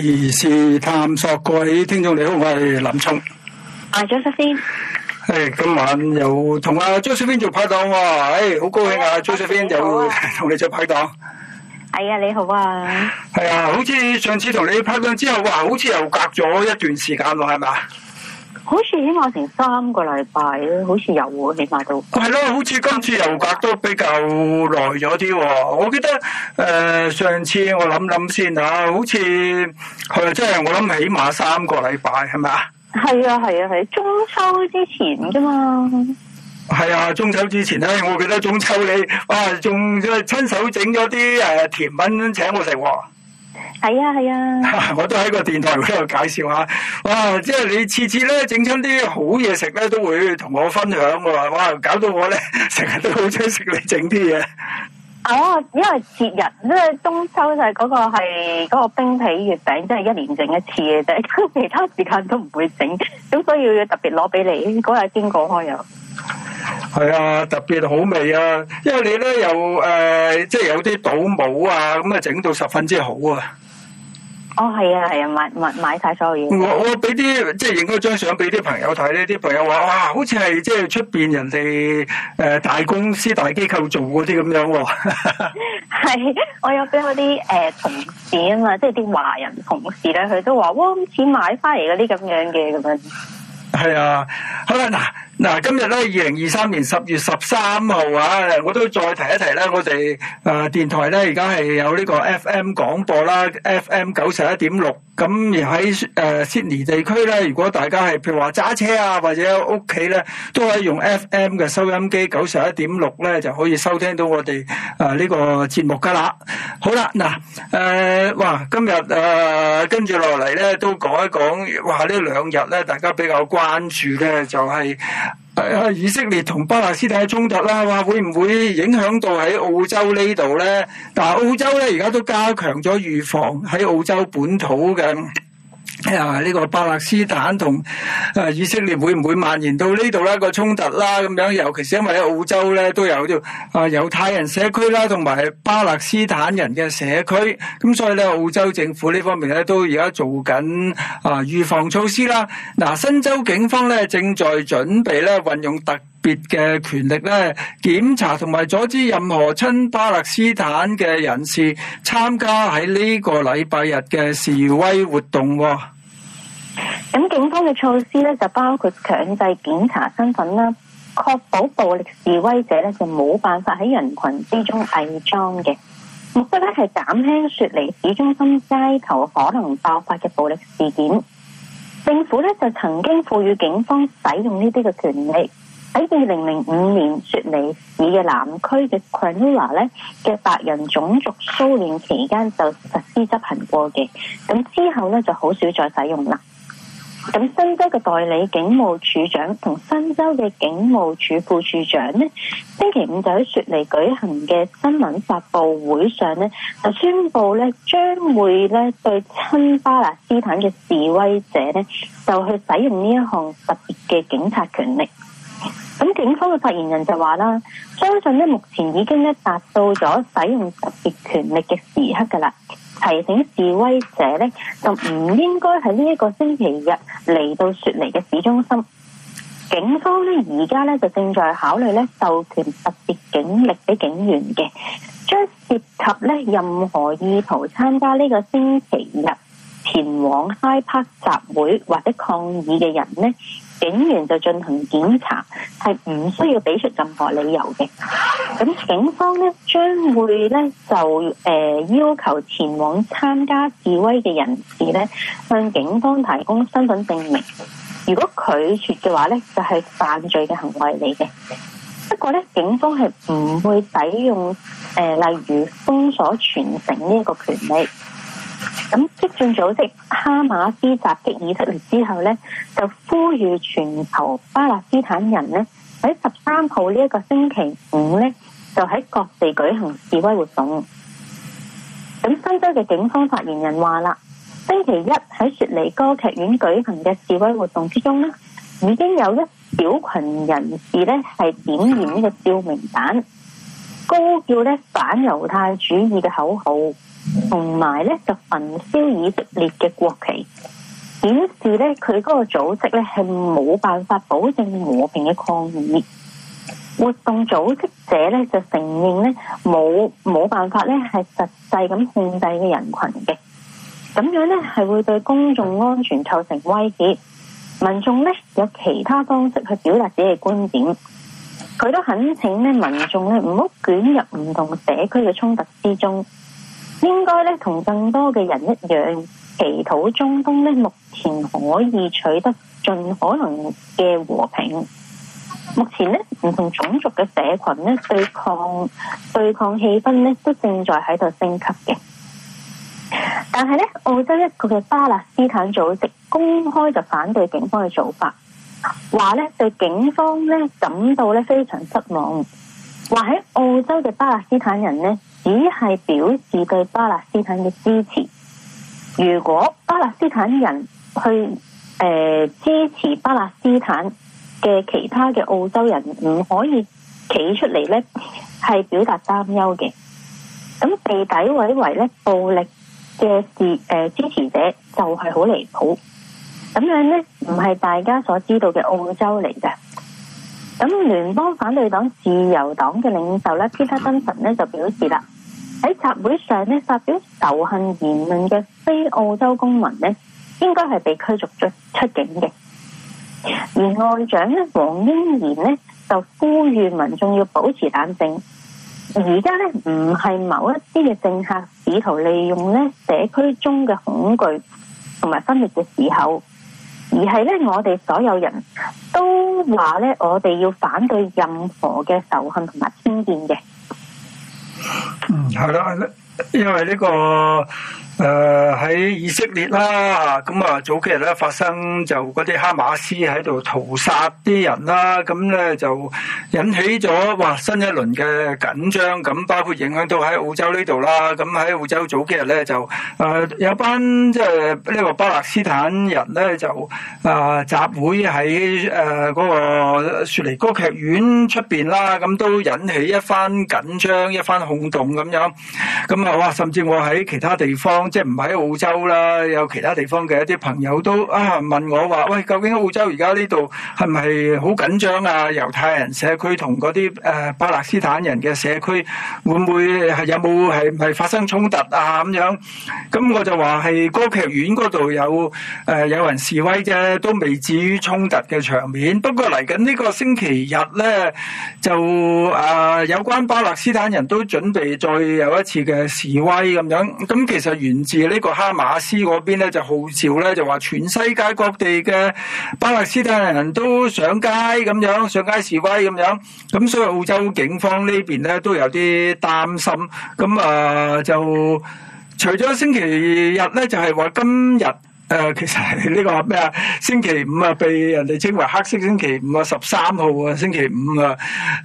時事探索，各位聽眾你好，我係林聰。阿 Joseph、哎、今晚又同阿 Joseph 做拍檔喎、啊，誒、哎，好高興啊、哎、！Joseph 又同你做拍檔。係、哎、啊，你好啊。係、哎、啊，好似上次同你拍檔之後啊，好似又隔咗一段時間咯，係咪？好似起碼成三個禮拜，好似有喎，起碼都係咯、啊。好似今次油格都比較耐咗啲。我記得誒、呃，上次我諗諗先、嗯就是、啊，好似佢即係我諗起碼三個禮拜，係咪啊？係啊係啊係，中秋之前噶嘛。係啊，中秋之前咧，我記得中秋你啊，仲即係親手整咗啲誒甜品請我食喎、哦。係啊係啊，我都喺個電台嗰度介紹下。哇！即係你次次咧，整出啲好嘢食咧，都會同我分享噶，哇！搞到我咧成日都好想食你整啲嘢。哦，因為節日，因為中秋就係嗰個係嗰個冰皮月餅，真係一年整一次嘅啫，其他時間都唔會整，咁所以要特別攞俾你嗰日經過開又。係啊，特別好味啊，因為你咧又誒，即係有啲倒模啊，咁啊整到十分之好啊。哦，係啊，係啊，買買買晒所有嘢。我我俾啲即係影嗰張相俾啲朋友睇呢，啲朋友話哇，好似係即係出邊人哋誒、呃、大公司大機構做嗰啲咁樣。係，我有俾我啲誒同事啊嘛，即係啲華人同事咧，佢都話哇，咁錢買翻嚟嗰啲咁樣嘅咁樣。係啊，好啦嗱。嗱，今日咧，二零二三年十月十三號啊，我都再提一提咧，我哋誒電台咧，而家係有呢個 F M 廣播啦，F M 九十一點六，咁而喺誒悉尼地區咧，如果大家係譬如話揸車啊，或者屋企咧，都可以用 F M 嘅收音機九十一點六咧，就可以收聽到我哋誒呢個節目噶啦。好啦，嗱，誒，哇，今日誒跟住落嚟咧，都講一講，哇，呢兩日咧，大家比較關注嘅，就係。以色列同巴勒斯坦喺衝突啦，話會唔會影響到喺澳洲呢度呢？但澳洲呢，而家都加強咗預防喺澳洲本土嘅。啊、哎！呢個巴勒斯坦同啊以色列會唔會蔓延到呢度呢？個衝突啦咁樣，尤其是因為喺澳洲呢都有啲啊猶太人社區啦，同埋巴勒斯坦人嘅社區，咁所以呢，澳洲政府呢方面呢都而家做緊啊預防措施啦。嗱，新州警方呢，正在準備呢運用特別嘅權力呢檢查同埋阻止任何親巴勒斯坦嘅人士參加喺呢個禮拜日嘅示威活動。咁警方嘅措施咧就包括強制檢查身份啦，確保暴力示威者咧就冇辦法喺人群之中偽裝嘅。目的咧係減輕雪梨市中心街頭可能爆發嘅暴力事件。政府咧就曾經賦予警方使用呢啲嘅權力。喺二零零五年雪梨市嘅南區嘅 Cronulla 嘅白人種族騷亂期間就實施執行過嘅。咁之後咧就好少再使用啦。咁新州嘅代理警務處長同新州嘅警務處副處長呢，星期五就喺雪梨舉行嘅新聞發佈會上呢，就宣布咧，將會咧對親巴勒斯坦嘅示威者呢，就去使用呢一項特別嘅警察權力。咁警方嘅發言人就話啦，相信呢，目前已經咧達到咗使用特別權力嘅時刻噶啦。提醒示威者咧，就唔應該喺呢一個星期日嚟到雪梨嘅市中心。警方咧，而家咧就正在考慮咧授權特別警力俾警員嘅，將涉及咧任何意圖參加呢個星期日前往 Hyde Park 集會或者抗議嘅人呢。警員就進行檢查，係唔需要俾出任何理由嘅。咁警方咧，將會咧就誒、呃、要求前往參加示威嘅人士咧，向警方提供身份證明。如果拒絕嘅話咧，就係、是、犯罪嘅行為嚟嘅。不過咧，警方係唔會使用誒、呃、例如封鎖全城呢一個權利。咁激進組織哈馬斯襲擊以色列之後呢，就呼籲全球巴勒斯坦人呢，喺十三號呢一個星期五呢，就喺各地舉行示威活動。咁新州嘅警方發言人話啦，星期一喺雪梨歌劇院舉行嘅示威活動之中呢，已經有一小群人士呢係點燃呢個照明彈。高叫咧反猶太主義嘅口號，同埋咧就焚燒以色列嘅國旗，顯示咧佢嗰個組織咧係冇辦法保證和平嘅抗議活動。組織者咧就承認咧冇冇辦法咧係實際咁控制嘅人群嘅，咁樣咧係會對公眾安全構成威脅。民眾咧有其他方式去表達自己嘅觀點。佢都懇請咧，民眾咧唔好捲入唔同社區嘅衝突之中，應該咧同更多嘅人一樣，祈禱中東咧目前可以取得盡可能嘅和平。目前咧唔同種族嘅社群咧對抗對抗氣氛咧都正在喺度升級嘅，但係咧澳洲一個嘅巴勒斯坦組織公開就反對警方嘅做法，話咧對警方咧感到咧非常失望，話喺澳洲嘅巴勒斯坦人咧只係表示對巴勒斯坦嘅支持。如果巴勒斯坦人去誒、呃、支持巴勒斯坦嘅其他嘅澳洲人，唔可以企出嚟咧係表達擔憂嘅。咁被底位為咧暴力嘅事誒支持者就係好離譜。咁樣咧，唔係大家所知道嘅澳洲嚟嘅。咁聯邦反對黨自由黨嘅領袖咧，彼得德頓咧就表示啦，喺集會上咧發表仇恨言論嘅非澳洲公民咧，應該係被驅逐出出境嘅。而外長咧黃英賢咧就呼籲民眾要保持冷靜。而家咧唔係某一啲嘅政客試圖利用咧社區中嘅恐懼同埋分裂嘅時候。而係咧，我哋所有人都話咧，我哋要反對任何嘅仇恨同埋偏見嘅。嗯，係啦，因為呢個。誒、呃，喺以色列啦，咁啊，早幾日咧，發生就啲哈馬斯喺度屠殺啲人啦，咁咧就引起咗哇新一輪嘅緊張，咁包括影響到喺澳洲呢度啦，咁喺澳洲早幾日咧就誒、呃、有班即係呢個巴勒斯坦人咧就啊、呃、集會喺誒、呃嗰個雪梨歌劇院出邊啦，咁都引起一番緊張、一番轟動咁樣，咁啊哇，甚至我喺其他地方。即係唔喺澳洲啦，有其他地方嘅一啲朋友都啊問我話喂，究竟澳洲而家呢度係唔係好緊張啊？猶太人社區同啲誒巴勒斯坦人嘅社區會唔會係有冇係係發生衝突啊？咁樣咁我就話係歌劇院度有誒、呃、有人示威啫，都未至於衝突嘅場面。不過嚟緊呢個星期日咧，就誒、呃、有關巴勒斯坦人都準備再有一次嘅示威咁樣，咁其實原自呢個哈馬斯嗰邊咧，就號召咧，就話全世界各地嘅巴勒斯坦人都上街咁樣上街示威咁樣，咁所以澳洲警方呢邊咧都有啲擔心，咁啊就除咗星期日咧就係話今日。誒、呃，其實呢個咩啊？星期五啊，被人哋稱為黑色星，星期五啊，十三號啊，星期五啊。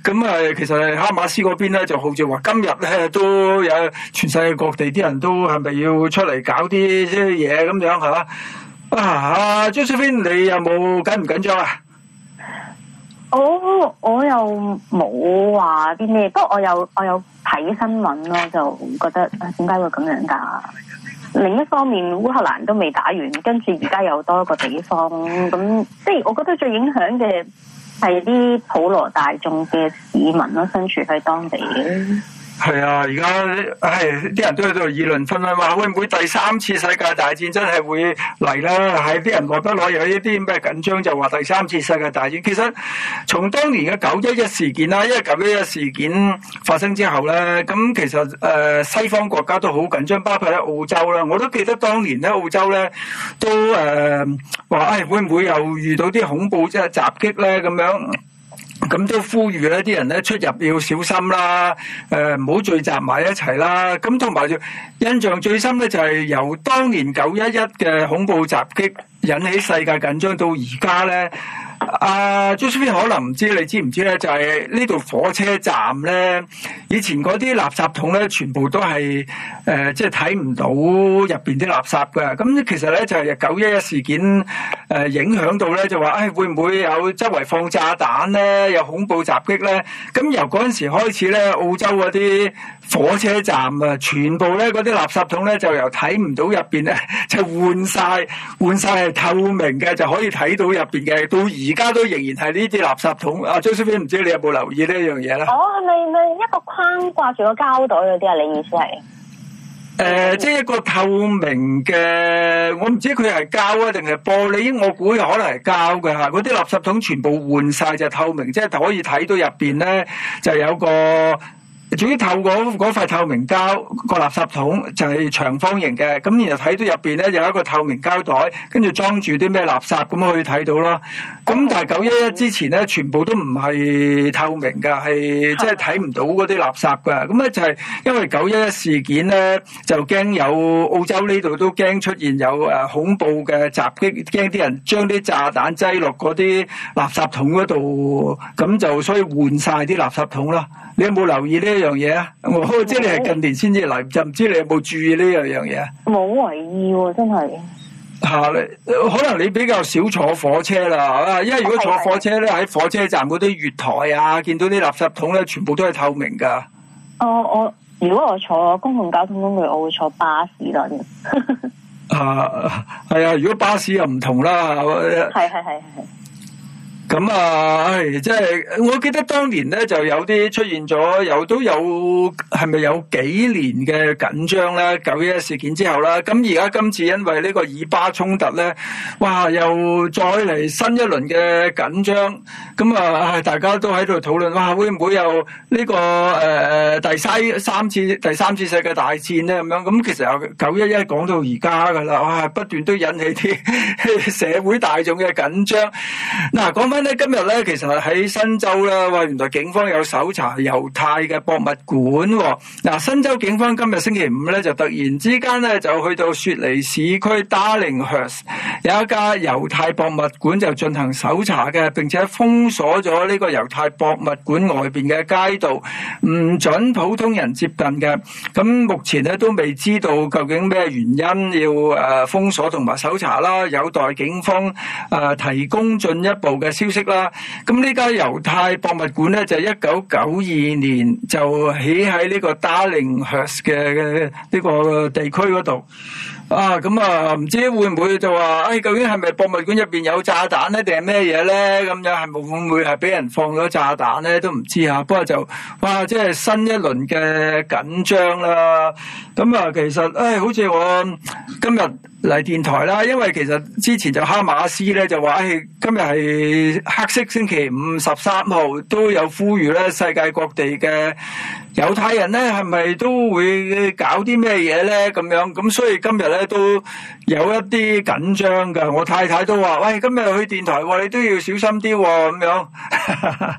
咁、嗯、啊，其實哈馬斯嗰邊咧，就號召話今日咧都有全世界各地啲人都係咪要出嚟搞啲嘢咁樣吓、啊？啊，張小飛，你有冇緊唔緊張啊？我我又冇話啲咩，不過我有我有睇新聞咯，就覺得點解會咁樣噶、啊？另一方面，烏克蘭都未打完，跟住而家又多一個地方，咁即係我覺得最影響嘅係啲普羅大眾嘅市民咯，身處喺當地嘅。係啊，而家係啲人都喺度議論紛紛，話會唔會第三次世界大戰真係會嚟啦。喺啲人內不內有一啲咩緊張，就話第三次世界大戰。其實從當年嘅九一一事件啦，因為九一一事件發生之後咧，咁其實誒、呃、西方國家都好緊張，包括喺澳洲啦，我都記得當年咧澳洲咧都誒話、呃，唉會唔會又遇到啲恐怖即係襲擊咧咁樣。咁都呼籲咧，啲人咧出入要小心啦，誒唔好聚集埋一齊啦。咁同埋印象最深咧，就係由當年九一一嘅恐怖襲擊引起世界緊張到，到而家咧。啊、uh,，Joseph 可能唔知你知唔知咧？就係呢度火車站咧，以前嗰啲垃圾桶咧，全部都係誒，即係睇唔到入邊啲垃圾㗎。咁其實咧就係九一一事件誒、呃、影響到咧，就話誒、哎、會唔會有周圍放炸彈咧，有恐怖襲擊咧？咁由嗰陣時開始咧，澳洲嗰啲火車站啊，全部咧嗰啲垃圾桶咧就由睇唔到入邊咧，就換晒。換晒係透明嘅，就可以睇到入邊嘅。到而家都仍然係呢啲垃圾桶。啊，張小菲唔知你有冇留意呢一樣嘢咧？哦，係咪咪一個框掛住個膠袋嗰啲啊？你意思係？誒，即係一個透明嘅，我唔知佢係膠啊定係玻璃。我估可能係膠嘅嚇。嗰啲垃圾桶全部換晒就透明，即係可以睇到入邊咧，就有一個。主要透過嗰塊透明膠，個垃圾桶就係長方形嘅，咁然後睇到入邊咧有一個透明膠袋，跟住裝住啲咩垃圾咁可以睇到咯。咁但係九一一之前咧，全部都唔係透明噶，係即係睇唔到嗰啲垃圾噶。咁咧就係因為九一一事件咧，就驚有澳洲呢度都驚出現有誒恐怖嘅襲擊，驚啲人將啲炸彈擠落嗰啲垃圾桶嗰度，咁就所以換晒啲垃圾桶啦。你有冇留意呢？樣嘢啊！我知你係近年先至嚟，就唔知你有冇注意呢樣樣嘢？冇留意喎，真係。吓你，可能你比較少坐火車啦。啊，因為如果坐火車咧，喺、啊、火車站嗰啲月台啊，見到啲垃圾桶咧，全部都係透明噶。哦、啊，我如果我坐公共交通工具，我會坐巴士啦。 啊，係啊！如果巴士又唔同啦。係係係。是是是是是咁啊，唉即係我記得當年咧，就有啲出現咗，又都有係咪有幾年嘅緊張咧？九一一事件之後啦，咁而家今次因為呢個以巴衝突咧，哇！又再嚟新一輪嘅緊張。咁啊，大家都喺度討論啊會唔會有呢、這個誒誒、呃、第三三次第三次世界大戰咧？咁樣咁其實由九一一講到而家噶啦，哇，不斷都引起啲 社會大眾嘅緊張嗱，講翻咧今日咧，其實係喺新州啦，喂原來警方有搜查猶太嘅博物館嗱、哦啊，新州警方今日星期五咧就突然之間咧就去到雪梨市區 Darlinghurst 有一家猶太博物館就進行搜查嘅，並且封鎖咗呢個猶太博物館外邊嘅街道，唔准普通人接近嘅。咁目前咧都未知道究竟咩原因要誒封鎖同埋搜查啦，有待警方誒提供進一步嘅消息啦。咁呢間猶太博物館咧就係，一九九二年就起喺呢個 Darlinghurst 嘅呢個地區嗰度。啊，咁啊，唔知會唔會就話，誒，究竟係咪博物館入邊有炸彈咧，定係咩嘢咧？咁有係會唔會係俾人放咗炸彈咧？都唔知吓，不過就，哇，即係新一輪嘅緊張啦。咁啊，其實，誒，好似我今日。嚟電台啦，因為其實之前就哈馬斯咧就話：「唉，今日係黑色星期五十三號五，十三號，都有呼籲咧，世界各地嘅猶太人咧，係咪都會搞啲咩嘢咧？咁樣，咁所以今日咧都。有一啲緊張噶，我太太都話：喂，今日去電台，你都要小心啲喎，咁樣。呵呵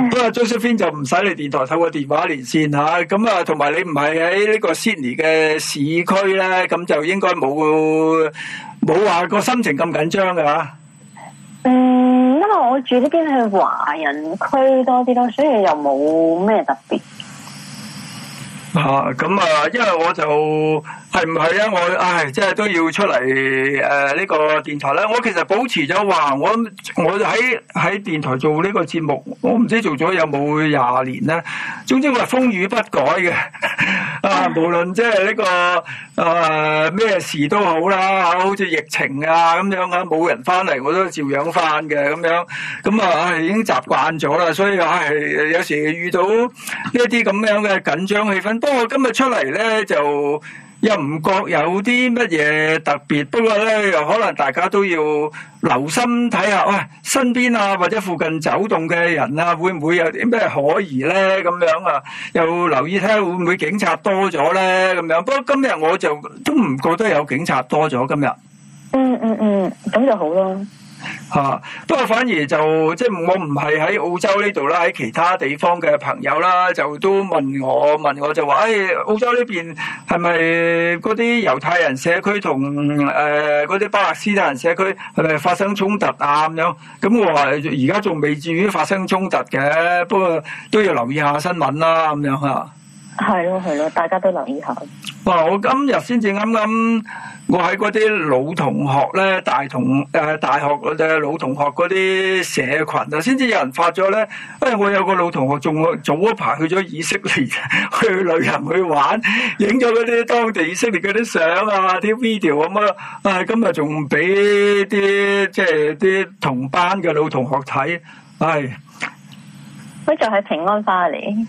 嗯、 不過 Josephine 就唔使你電台，透過電話連線吓。咁啊，同埋你唔係喺呢個 Sydney 嘅市區咧，咁就應該冇冇話個心情咁緊張嘅吓。嗯，因為我住呢邊係華人區多啲咯，所以又冇咩特別。啊，咁啊，因為我就。係唔係啊？我唉，即係都要出嚟誒呢個電台咧。我其實保持咗話，我我喺喺電台做呢個節目，我唔知做咗有冇廿年啦。總之我係風雨不改嘅啊！無論即係呢個誒咩、呃、事都好啦，好似疫情啊咁樣啊，冇人翻嚟我都照樣翻嘅咁樣。咁啊，唉、嗯哎，已經習慣咗啦。所以唉、哎，有時遇到呢一啲咁樣嘅緊張氣氛，不過我今日出嚟咧就～又唔覺有啲乜嘢特別，不過咧又可能大家都要留心睇下，喂，身邊啊或者附近走動嘅人啊，會唔會有啲咩可疑咧？咁樣啊，又留意睇下會唔會警察多咗咧？咁樣，不過今日我就都唔覺得有警察多咗今日，嗯，嗯嗯嗯，咁就好囉。吓、啊，不過反而就即係我唔係喺澳洲呢度啦，喺其他地方嘅朋友啦，就都問我問我就話，誒、哎，澳洲呢邊係咪嗰啲猶太人社區同誒嗰啲巴勒斯坦人社區係咪發生衝突啊咁樣？咁我話而家仲未至於發生衝突嘅，不過都要留意一下新聞啦、啊、咁樣吓。係咯係咯，大家都留意下。哇、哦！我今日先至啱啱，我喺嗰啲老同學咧，大同誒、呃、大學嗰啲老同學嗰啲社群啊，先至有人發咗咧。哎，我有個老同學仲早一排去咗以色列去旅行去玩，影咗嗰啲當地以色列嗰啲相啊，啲 video 咁啊。哎，今日仲俾啲即係啲同班嘅老同學睇，哎，佢就係平安翻嚟。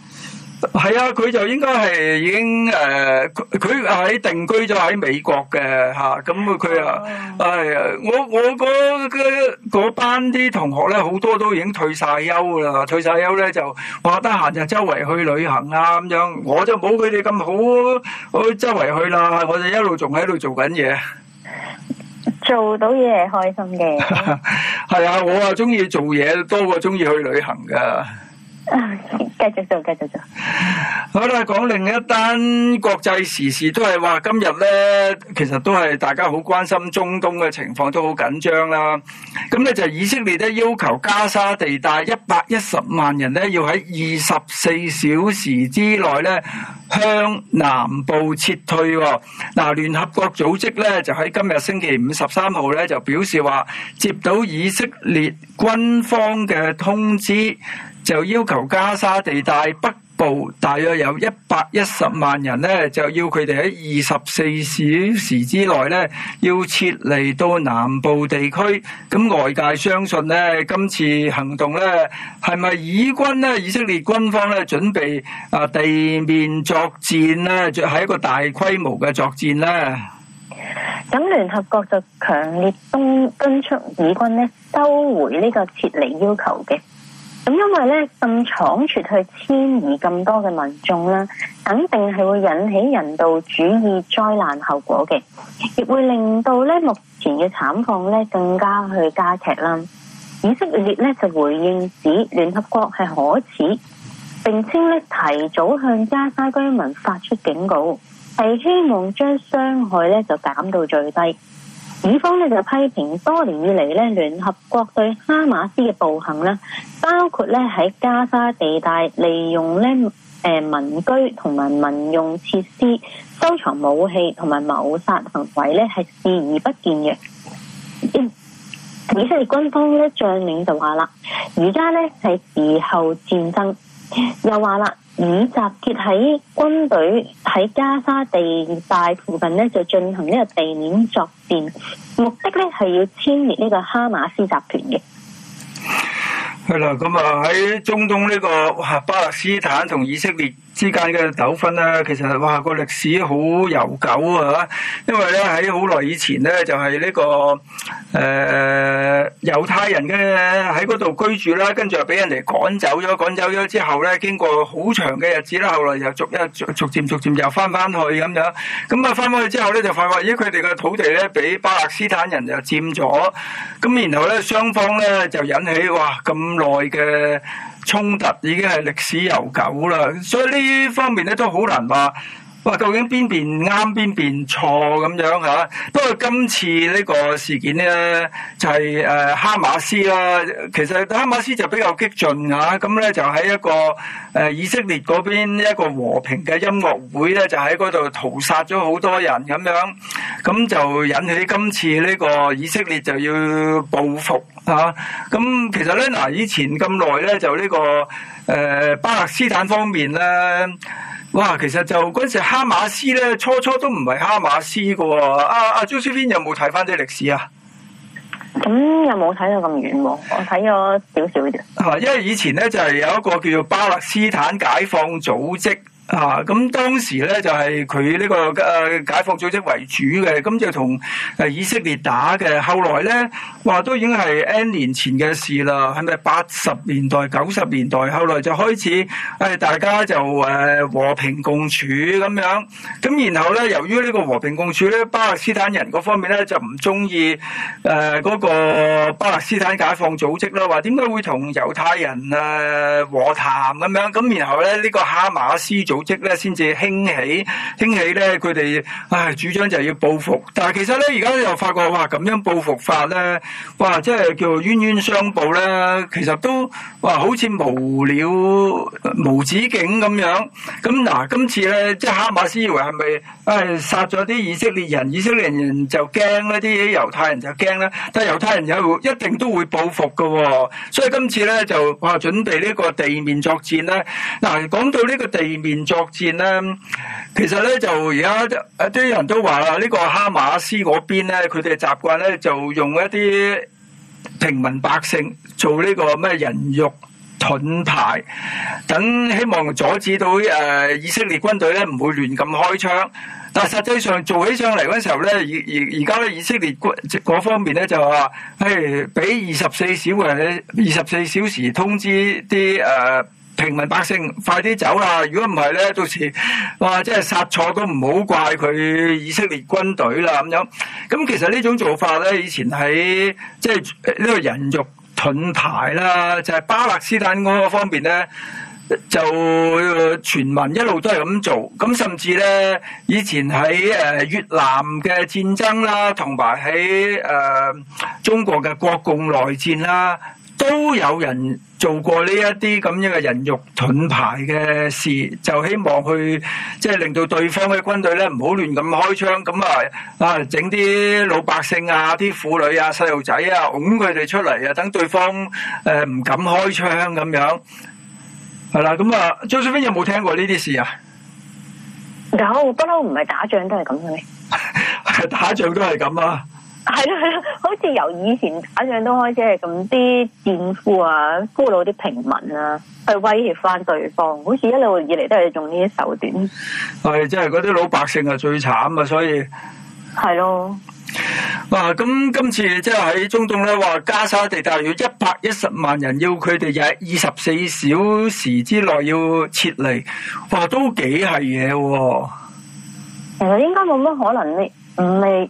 係啊，佢就應該係已經誒，佢佢喺定居咗喺美國嘅吓，咁佢佢啊，係我我嗰嗰嗰班啲同學咧，好多都已經退晒休啦，退晒休咧就話得閒就周圍去旅行啊，咁樣，我就冇佢哋咁好去周圍去啦，我哋一路仲喺度做緊嘢，做到嘢係開心嘅。係啊，我啊中意做嘢多過中意去旅行噶。啊，繼續做，繼續做。好啦，講另一單國際時事，都係話今日咧，其實都係大家好關心中東嘅情況，都好緊張啦。咁咧就以色列咧要求加沙地帶一百一十萬人咧要喺二十四小時之內咧向南部撤退，哦。嗱，啊，聯合國組織咧就喺今日星期五十三號咧就表示話，接到以色列軍方嘅通知。就要求加沙地帶北部大約有一百一十萬人咧，就要佢哋喺二十四小時之內咧，要撤離到南部地區。咁外界相信咧，今次行動咧，係咪以軍咧，以色列軍方咧，準備啊地面作戰呢，咧，就係一個大規模嘅作戰咧？咁聯合國就強烈敦敦促以軍咧，收回呢個撤離要求嘅。咁因為咧，咁倉促去遷移咁多嘅民眾啦，肯定係會引起人道主義災難後果嘅，亦會令到咧目前嘅慘況咧更加去加劇啦。以色列咧就回應指聯合國係可恥，並稱咧提早向加沙居民發出警告，係希望將傷害咧就減到最低。以方咧就批評多年以嚟咧聯合國對哈馬斯嘅暴行啦，包括咧喺加沙地帶利用咧誒民居同埋民用設施收藏武器同埋謀殺行爲咧係視而不見嘅。以色列軍方咧將領就話啦，而家咧係時候戰爭，又話啦。五集結喺軍隊喺加沙地帶附近呢，就進行呢個地面作戰，目的呢係要殲滅呢個哈馬斯集團嘅。係啦，咁啊喺中東呢個巴勒斯坦同以色列之間嘅糾紛啦，其實哇個歷史好悠久啊，因為咧喺好耐以前咧就係呢、呢個誒、呃、猶太人嘅喺嗰度居住啦，跟住又俾人哋趕走咗，趕走咗之後咧經過好長嘅日子啦，後來又逐一逐逐漸逐漸，逐漸又翻翻去咁樣，咁啊翻翻去之後咧就發覺咦，佢哋嘅土地咧俾巴勒斯坦人又佔咗，咁然後咧雙方咧就引起哇咁耐嘅。衝突已經係歷史悠久啦，所以呢方面咧都好難話。究竟邊邊啱邊邊錯咁樣嚇？不過今次呢個事件咧，就係誒哈馬斯啦。其實哈馬斯就比較激進嚇，咁咧就喺一個誒以色列嗰邊一個和平嘅音樂會咧，就喺嗰度屠殺咗好多人咁樣，咁就引起今次呢個以色列就要報復嚇。咁其實咧，嗱以前咁耐咧，就呢個誒巴勒斯坦方面咧。哇，其實就嗰時哈馬斯咧，初初都唔係哈馬斯噶，啊。阿阿朱書編有冇睇返啲歷史啊？咁有冇睇到咁遠？我睇咗少少啫。啊，因為以前咧就係、是、有一個叫做巴勒斯坦解放組織。啊，咁當時咧就係佢呢個誒解放組織為主嘅，咁就同誒以色列打嘅。後來咧話都已經係 N 年前嘅事啦，係咪八十年代、九十年代？後來就開始誒大家就誒和平共處咁樣。咁然後咧，由於呢個和平共處咧，巴勒斯坦人嗰方面咧就唔中意誒個巴勒斯坦解放組織啦，話點解會同猶太人誒和談咁樣。咁然後咧呢個哈馬斯組組織咧先至興起，興起咧佢哋唉主張就係要報復，但係其實咧而家又發覺哇咁樣報復法咧，哇即係叫冤冤相報咧，其實都哇好似無了無止境咁樣。咁嗱，今次咧即係哈馬斯以為係咪唉殺咗啲以色列人，以色列人就驚咧，啲猶太人就驚咧，但係猶太人有一定都會報復嘅，哦，所以今次咧就哇準備呢個地面作戰咧。嗱，講到呢個地面作戰咧，其實咧就而家一啲人都話啦，呢個哈馬斯嗰邊咧，佢哋習慣咧就用一啲平民百姓做呢個咩人肉盾牌，等希望阻止到誒、呃、以色列軍隊咧唔會亂咁開槍。但係實際上做起上嚟嗰時候咧，而而而家咧以色列軍嗰方面咧就話，誒俾二十四小時二十四小時通知啲誒。呃平民百姓快啲走啦！如果唔係咧，到時哇，即係殺錯咁，唔好怪佢以色列軍隊啦咁樣。咁其實呢種做法咧，以前喺即係呢、這個人肉盾牌啦，就係、是、巴勒斯坦嗰個方面咧，就、呃、全民一路都係咁做。咁甚至咧，以前喺誒、呃、越南嘅戰爭啦，同埋喺誒中國嘅國共內戰啦，都有人做過呢一啲咁樣嘅人肉盾牌嘅事，就希望去即係令到對方嘅軍隊咧唔好亂咁開槍，咁啊啊整啲老百姓啊、啲婦女啊、細路仔啊，拱佢哋出嚟啊，等對方誒唔敢開槍咁樣，係啦。咁啊，張水兵有冇聽過呢啲事啊？有，不嬲唔係打仗都係咁嘅咩？打仗都係咁啦。係咯，係咯，好似由以前打仗都開始係咁，啲戰俘啊、俘虜，啲平民啊，去威脅翻對方，好似一路以嚟都係用呢啲手段。係，即係嗰啲老百姓啊最慘啊，所以係咯。啊，咁今次即係喺中東咧，話加沙地帶要一百一十萬人要佢哋喺二十四小時之內要撤離，哇，都幾係嘢。其實應該冇乜可能，你唔未。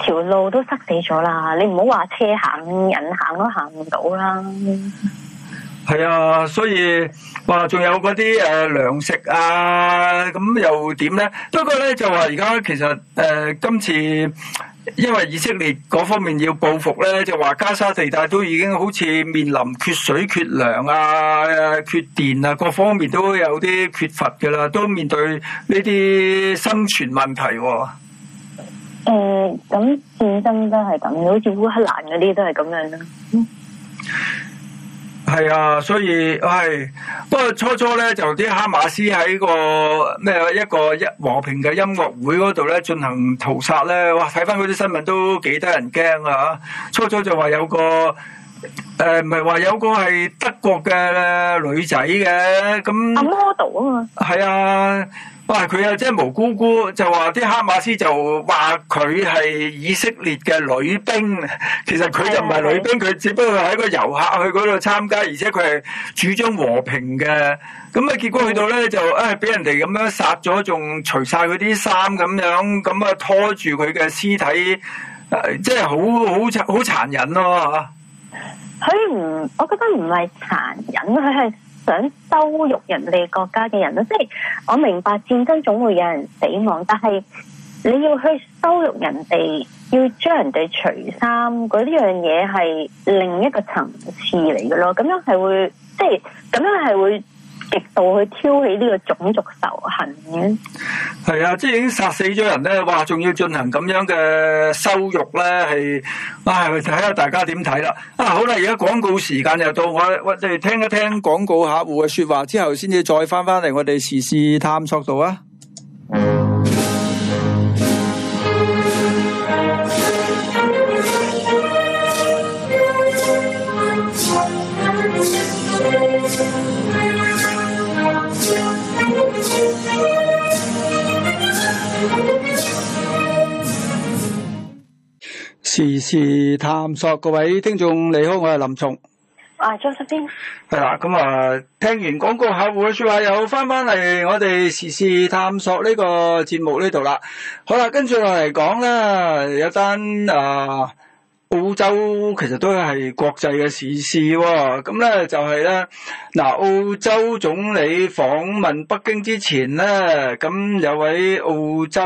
條路都塞死咗啦，你唔好話車行人行都行唔到啦。係啊，所以話仲有嗰啲誒糧食啊，咁又點咧？不過咧就話而家其實誒、呃、今次因為以色列嗰方面要報復咧，就話加沙地帶都已經好似面臨缺水、缺糧啊、缺電啊，各方面都有啲缺乏噶啦，都面對呢啲生存問題啊。誒、嗯，咁戰爭都係咁，好似烏克蘭嗰啲都係咁樣啦。係啊，所以係、哎，不過初初咧就啲哈馬斯喺個咩一個一個和平嘅音樂會嗰度咧進行屠殺咧，哇！睇翻嗰啲新聞都幾得人驚啊。初初就話有個誒，唔係話有個係德國嘅女仔嘅咁。阿 model 啊嘛。係啊。哇！佢啊，真係無辜辜，就話啲哈馬斯就話佢係以色列嘅女兵，其實佢就唔係女兵，佢只不過係一個遊客去嗰度參加，而且佢係主張和平嘅。咁啊，結果去到咧就啊，俾人哋咁樣殺咗，仲除晒佢啲衫咁樣，咁啊拖住佢嘅屍體，誒、就是，即係好好好殘忍咯、啊、嚇。佢唔，我覺得唔係殘忍，佢係，想羞辱人哋國家嘅人咯，即係我明白戰爭總會有人死亡，但係你要去羞辱人哋，要將人哋除衫，嗰啲樣嘢係另一個層次嚟嘅咯。咁樣係會，即係咁樣係會。極度去挑起呢個種族仇恨嘅，係啊，即係已經殺死咗人咧，話仲要進行咁樣嘅羞辱咧，係，唉，睇下大家點睇啦。啊，好啦，而家廣告時間又到，我我哋聽一聽廣告客戶嘅說話之後，先至再翻翻嚟我哋時事探索度啊。嗯時事探索，各位聽眾，你好，我係林松。啊，張淑貞。係啦，咁、嗯、啊，聽完廣告客戶嘅說話，又返返嚟我哋時事探索呢個節目呢度啦。好啦，跟住落嚟講啦，有一單啊。呃澳洲其實都係國際嘅時事，咁咧就係、是、咧，嗱，澳洲總理訪問北京之前咧，咁有位澳洲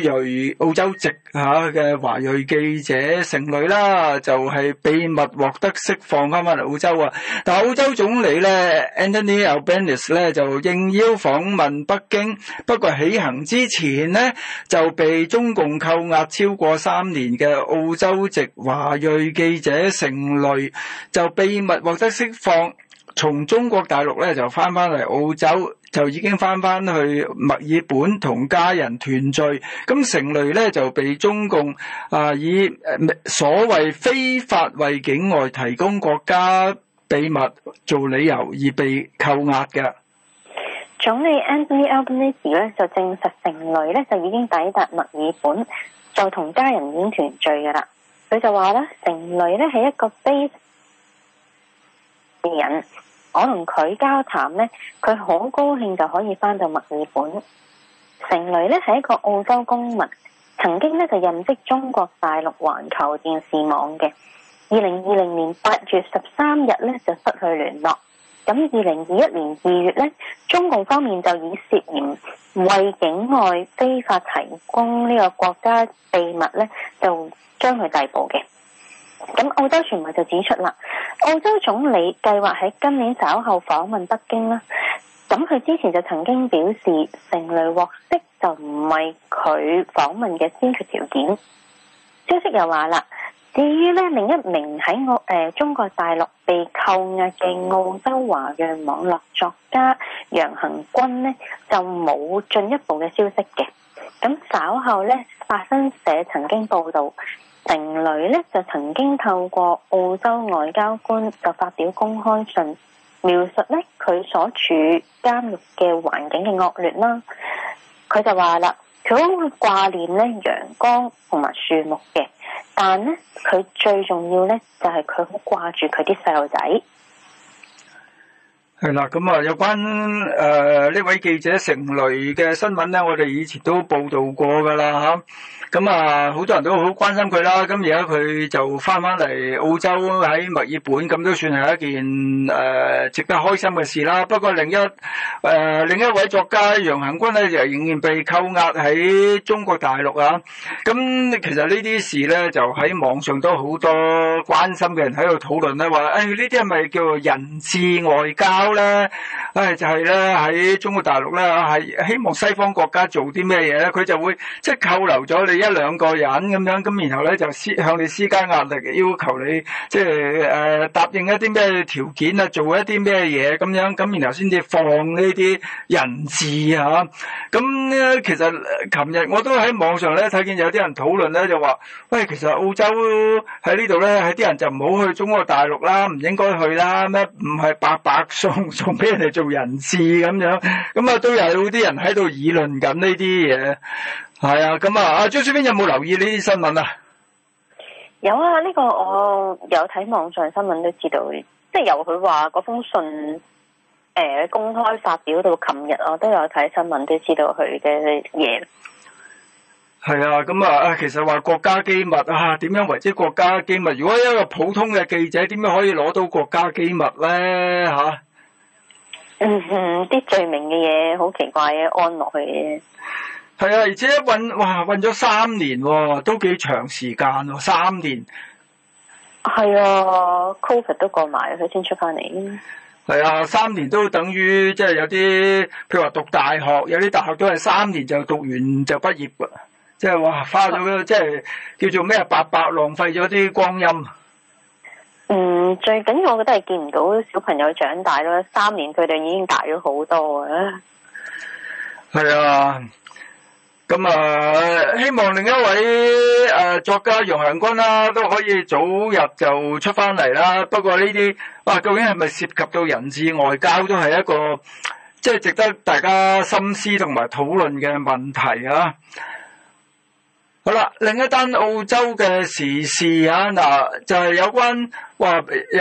裔澳洲籍吓嘅華裔記者成蕾啦，就係、是、秘密獲得釋放翻翻嚟澳洲啊！但澳洲總理咧 Antony Albanese 咧就應邀訪問北京，不過起行之前咧就被中共扣押超過三年嘅澳洲籍。華裔記者成蕾就秘密獲得釋放，從中國大陸咧就翻翻嚟澳洲，就已經翻翻去墨爾本同家人團聚。咁成蕾咧就被中共啊以所謂非法為境外提供國家秘密做理由而被扣押嘅。總理 Anthony Albanese 咧就證實，成蕾咧就已經抵達墨爾本，就同家人已經團聚噶啦。佢就話咧，成蕾咧係一個悲人，我同佢交談咧，佢好高興就可以返到墨爾本。成蕾咧係一個澳洲公民，曾經咧就任職中國大陸環球電視網嘅，二零二零年八月十三日咧就失去聯絡。咁二零二一年二月咧，中共方面就以涉嫌為境外非法提供呢個國家秘密咧，就將佢逮捕嘅。咁澳洲傳媒就指出啦，澳洲總理計劃喺今年稍後訪問北京啦。咁佢之前就曾經表示，成蕾獲釋就唔係佢訪問嘅先決條件。消息又話啦。至於咧，另一名喺中國大陸被扣押嘅澳洲華裔網絡作家楊恒均呢，呢就冇進一步嘅消息嘅。咁稍後咧，法新社曾經報導，成蕾咧就曾經透過澳洲外交官就發表公開信，描述咧佢所處監獄嘅環境嘅惡劣啦。佢就話啦，佢好掛念咧陽光同埋樹木嘅。但咧，佢最重要咧，就係佢好掛住佢啲細路仔。係啦，咁啊，有關誒呢、呃、位記者成蕾嘅新聞咧，我哋以前都報道過噶啦吓，咁啊，好多人都好關心佢啦。咁而家佢就翻翻嚟澳洲喺墨爾本，咁都算係一件誒、呃、值得開心嘅事啦。不過另一誒、呃、另一位作家楊行軍咧，就仍然被扣押喺中國大陸啊。咁其實這些，事呢啲事咧，就喺網上都好多關心嘅人喺度討論啦，話誒呢啲係咪叫做「人質外交」？咧，唉，就係咧喺中國大陸咧，係希望西方國家做啲咩嘢咧？佢就會即係扣留咗你一兩個人咁樣，咁然後咧就施向你施加壓力，要求你即係誒答應一啲咩條件啊，做一啲咩嘢咁樣，咁然後先至放呢啲人質啊。咁咧，其實琴日我都喺網上咧睇見有啲人討論咧，就話，喂，其實澳洲喺呢度咧，係啲人就唔好去中國大陸啦，唔應該去啦，咩唔係白白送？送俾人哋做人質咁樣，咁啊都有啲人喺度議論緊呢啲嘢，係啊，咁啊，阿張小編有冇留意呢啲新聞啊？有啊，呢、這個我有睇網上新聞都知道，即、就、係、是、由佢話嗰封信，誒、呃、公開發表到琴日，我都有睇新聞都知道佢嘅嘢。係啊，咁啊，啊，其實話國家機密啊，點樣為之國家機密？如果一個普通嘅記者，點樣可以攞到國家機密咧？吓嗯哼，啲、嗯、罪名嘅嘢，好奇怪嘅，安落去嘅。係啊，而且一韞哇，韫咗三年，都幾長時間喎，三年，啊。係啊，Covid 都過埋，佢先出翻嚟。係啊，三年都等於即係有啲，譬如話讀大學，有啲大學都係三年就讀完就畢業噶，即係哇花咗，即係叫做咩白白浪費咗啲光陰。嗯，最緊要我覺得係見唔到小朋友長大咯，三年佢哋已經大咗好多啊！係啊，咁啊，希望另一位誒作家楊恒均啦，都可以早日就出翻嚟啦。不過呢啲，哇，究竟係咪涉及到人質外交都係一個，即係值得大家深思同埋討論嘅問題啊！好啦，另一單澳洲嘅時事啊，嗱就係、是、有關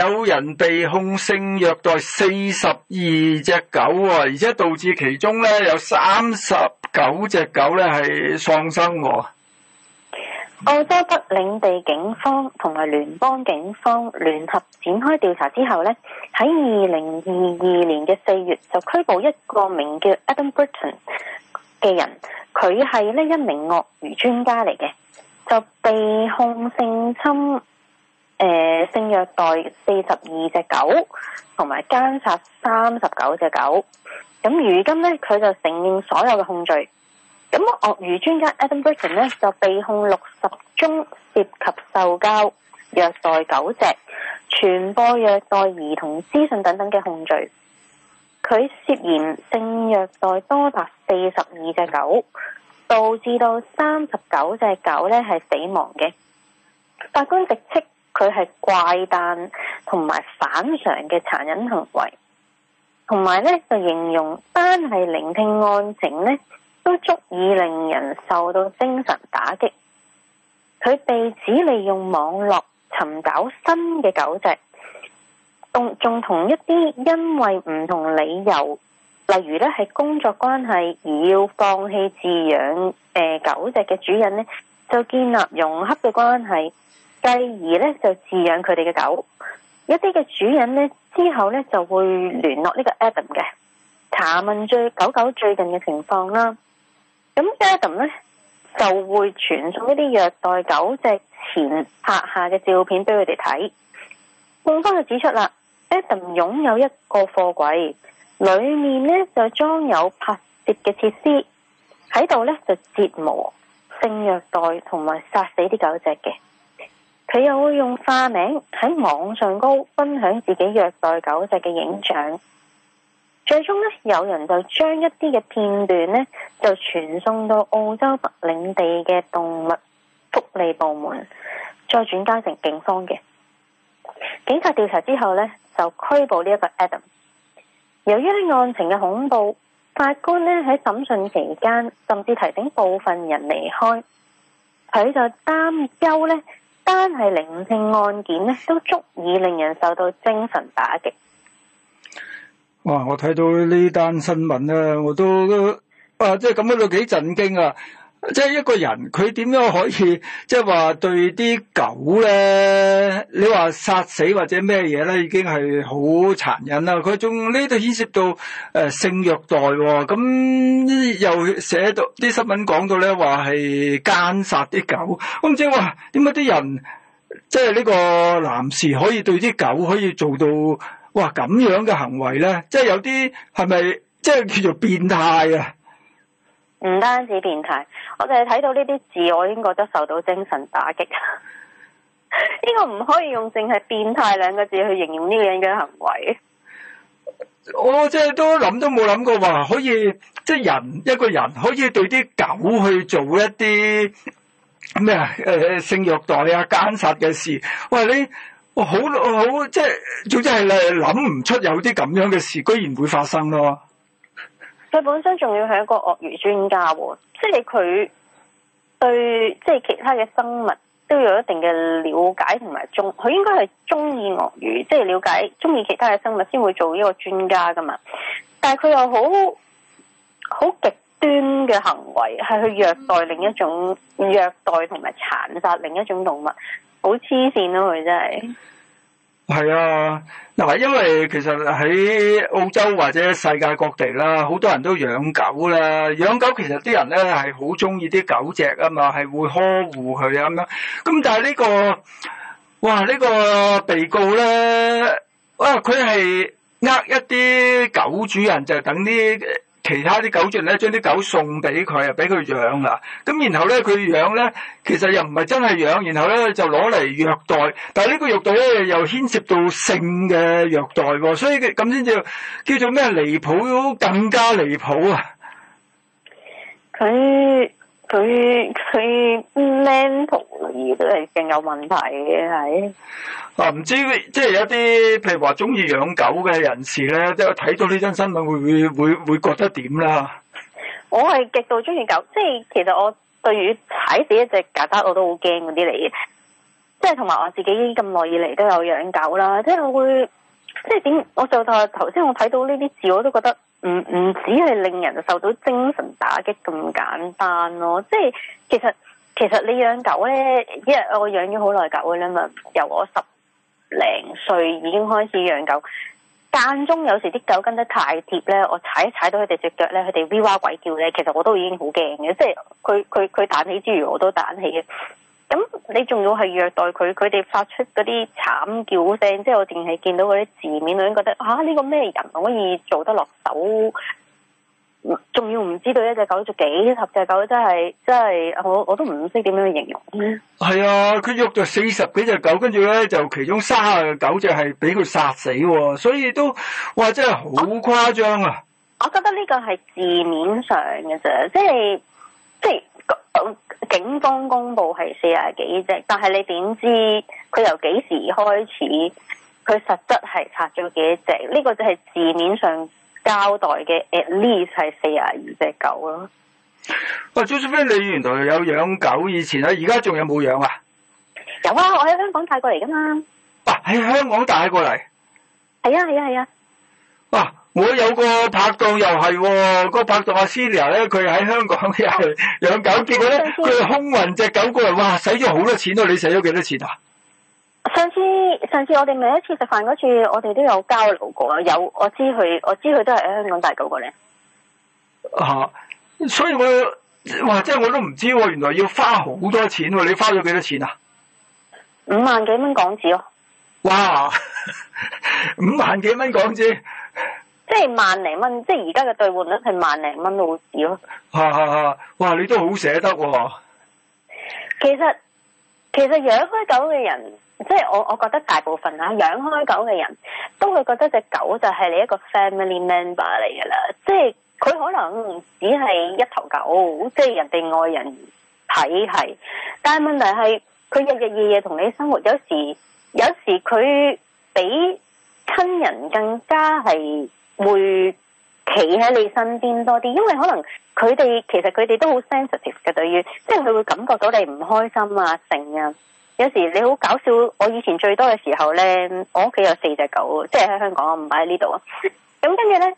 有人被控性虐待四十二隻狗，啊、而且導致其中咧有三十九隻狗咧係喪生喎，啊。澳洲北領地警方同埋聯邦警方聯合展開調查之後咧，喺二零二二年嘅四月就拘捕一個名叫 Adam Britton 嘅人，佢係呢一名鱷魚專家嚟嘅，就被控性侵、誒、呃、性虐待四十二隻狗，同埋姦殺三十九隻狗。咁如今咧，佢就承認所有嘅控罪。咁鱷魚專家 Adam Britton 咧就被控六十宗涉及獸交、虐待狗隻、傳播虐待兒童資訊等等嘅控罪。佢涉嫌性虐待多達四十二隻狗，導致到三十九隻狗咧係死亡嘅。法官直斥佢係怪誕同埋反常嘅殘忍行為，同埋咧就形容單係聆聽案情呢都足以令人受到精神打擊。佢被指利用網絡尋找新嘅狗隻。仲仲同一啲因為唔同理由，例如咧係工作關係而要放棄飼養誒狗隻嘅主人咧，就建立融洽嘅關係，繼而咧就飼養佢哋嘅狗。一啲嘅主人咧之後咧就會聯絡呢個 Adam 嘅，查問最狗狗最近嘅情況啦。咁 Adam 咧就會傳送一啲虐待狗隻前拍下嘅照片俾佢哋睇。官方就指出啦，咧就擁有一個貨櫃，裏面呢就裝有拍攝嘅設施，喺度呢就折磨、性虐待同埋殺死啲狗隻嘅。佢又會用化名喺網上高分享自己虐待狗隻嘅影像，最終呢，有人就將一啲嘅片段呢就傳送到澳洲北領地嘅動物福利部門，再轉交成警方嘅。警察調查之後呢，就拘捕呢一個 Adam。由於呢案情嘅恐怖，法官咧喺審訊期間，甚至提醒部分人離開。佢就擔憂咧，單係聆聽案件咧，都足以令人受到精神打擊。哇！我睇到呢單新聞咧，啊，我都，都，樣都啊，即係咁樣都幾震驚啊！即係一個人，佢點樣可以即係話對啲狗咧？你話殺死或者咩嘢咧，已經係好殘忍啦。佢仲呢度牽涉到誒、呃、性虐待，咁、哦、又寫到啲新聞講到咧，話係姦殺啲狗。咁即係話，點解啲人即係呢個男士可以對啲狗可以做到哇咁樣嘅行為咧？即係有啲係咪即係叫做變態啊？唔單止變態，我淨係睇到呢啲字，我已經覺得受到精神打擊。呢 個唔可以用淨係變態兩個字去形容呢個人嘅行為。我即係都諗都冇諗過話，可以即係人一個人可以對啲狗去做一啲咩啊？誒、呃，性虐待啊、奸殺嘅事。喂，你好好即係，總之係你諗唔出有啲咁樣嘅事，居然會發生咯。佢本身仲要係一個鱷魚專家，即係佢對即係、就是、其他嘅生物都有一定嘅了解同埋中意，佢應該係中意鱷魚，即、就、係、是、了解中意其他嘅生物先會做呢個專家噶嘛。但係佢又好好極端嘅行為，係去虐待另一種、虐待同埋殘殺另一種動物，好黐線咯！佢真係。係啊，嗱，因為其實喺澳洲或者世界各地啦，好多人都養狗啦。養狗其實啲人咧係好中意啲狗隻啊嘛，係會呵護佢啊咁樣。咁但係呢個，哇！呢個被告咧，哇！佢係呃一啲狗主人就等啲。其他啲狗主人咧，將啲狗送俾佢啊，俾佢養啦。咁然後咧，佢養咧，其實又唔係真係養。然後咧，就攞嚟虐待。但係呢個虐待咧，又牽涉到性嘅虐待喎。所以咁先至叫做咩離譜，更加離譜啊！佢。佢佢 mental 都係更有問題嘅，係啊，唔知即係有啲譬如話中意養狗嘅人士咧，即係睇到呢張新聞會會會會覺得點啦？我係極度中意狗，即係其實我對於踩死一隻曱甴我都好驚啲嚟嘅，即係同埋我自己咁耐以嚟都有養狗啦，即係我會，即係點，我就在頭先，我睇到呢啲字我都覺得。唔，唔止係令人受到精神打擊咁簡單咯，哦。即係其實其實你養狗呢，因為我養咗好耐狗啦嘛，由我十零歲已經開始養狗。間中有時啲狗跟得太貼呢，我踩一踩到佢哋隻腳呢，佢哋威哇鬼叫呢，其實我都已經好驚嘅。即係佢佢佢彈起之餘，我都彈起嘅。咁你仲要係虐待佢，佢哋發出嗰啲慘叫聲，即係我淨係見到嗰啲字面，都覺得啊呢、這個咩人可以做得落手？仲要唔知道一隻狗做幾十隻狗，真係真係我我都唔識點樣去形容咧。係啊，佢喐咗四十幾隻狗，跟住咧就其中三十九隻狗只係俾佢殺死，所以都哇真係好誇張啊我！我覺得呢個係字面上嘅啫，即係即係警方公布係四十幾隻，但係你點知佢由幾時開始佢實質係拆咗幾多隻？呢、這個就係字面上交代嘅，at least 係四十二隻狗咯。喂，Josephine 你原來有養狗以前啊，而家仲有冇養啊？有啊，我喺香港帶過嚟噶嘛。哇、啊！喺香港帶過嚟？係啊係啊係啊。哇、啊！是啊啊我有個拍檔又係，個拍檔阿 Sir 咧，佢喺香港又係養狗，結果咧佢空運隻狗過嚟，哇，使咗好多錢喎、啊！你使咗幾多錢啊？上次上次我哋咪一次食飯嗰次，我哋都有交流過，有我知佢我知佢都係喺香港大狗嘅。吓、啊，所以我哇，即係我都唔知、啊，原來要花好多錢、啊，你花咗幾多錢啊？五萬幾蚊港紙哇，五萬幾蚊港紙。即係萬零蚊，即係而家嘅兌換率係萬零蚊都好少咯。吓吓吓！哇，你都好捨得喎、啊。其實其實養開狗嘅人，即係我我覺得大部分啦，啊，養開狗嘅人都會覺得隻狗就係你一個 family member 嚟噶啦即係佢可能只係一頭狗，即係人哋外人睇係，但係問題係佢日日夜夜同你生活，有時有時佢比親人更加係。會企喺你身邊多啲，因為可能佢哋其實佢哋都好 sensitive 嘅，對於即係佢會感覺到你唔開心啊、成啊。有時你好搞笑，我以前最多嘅時候呢，我屋企有四隻狗，即係喺香港啊，唔係喺呢度啊。咁跟住呢，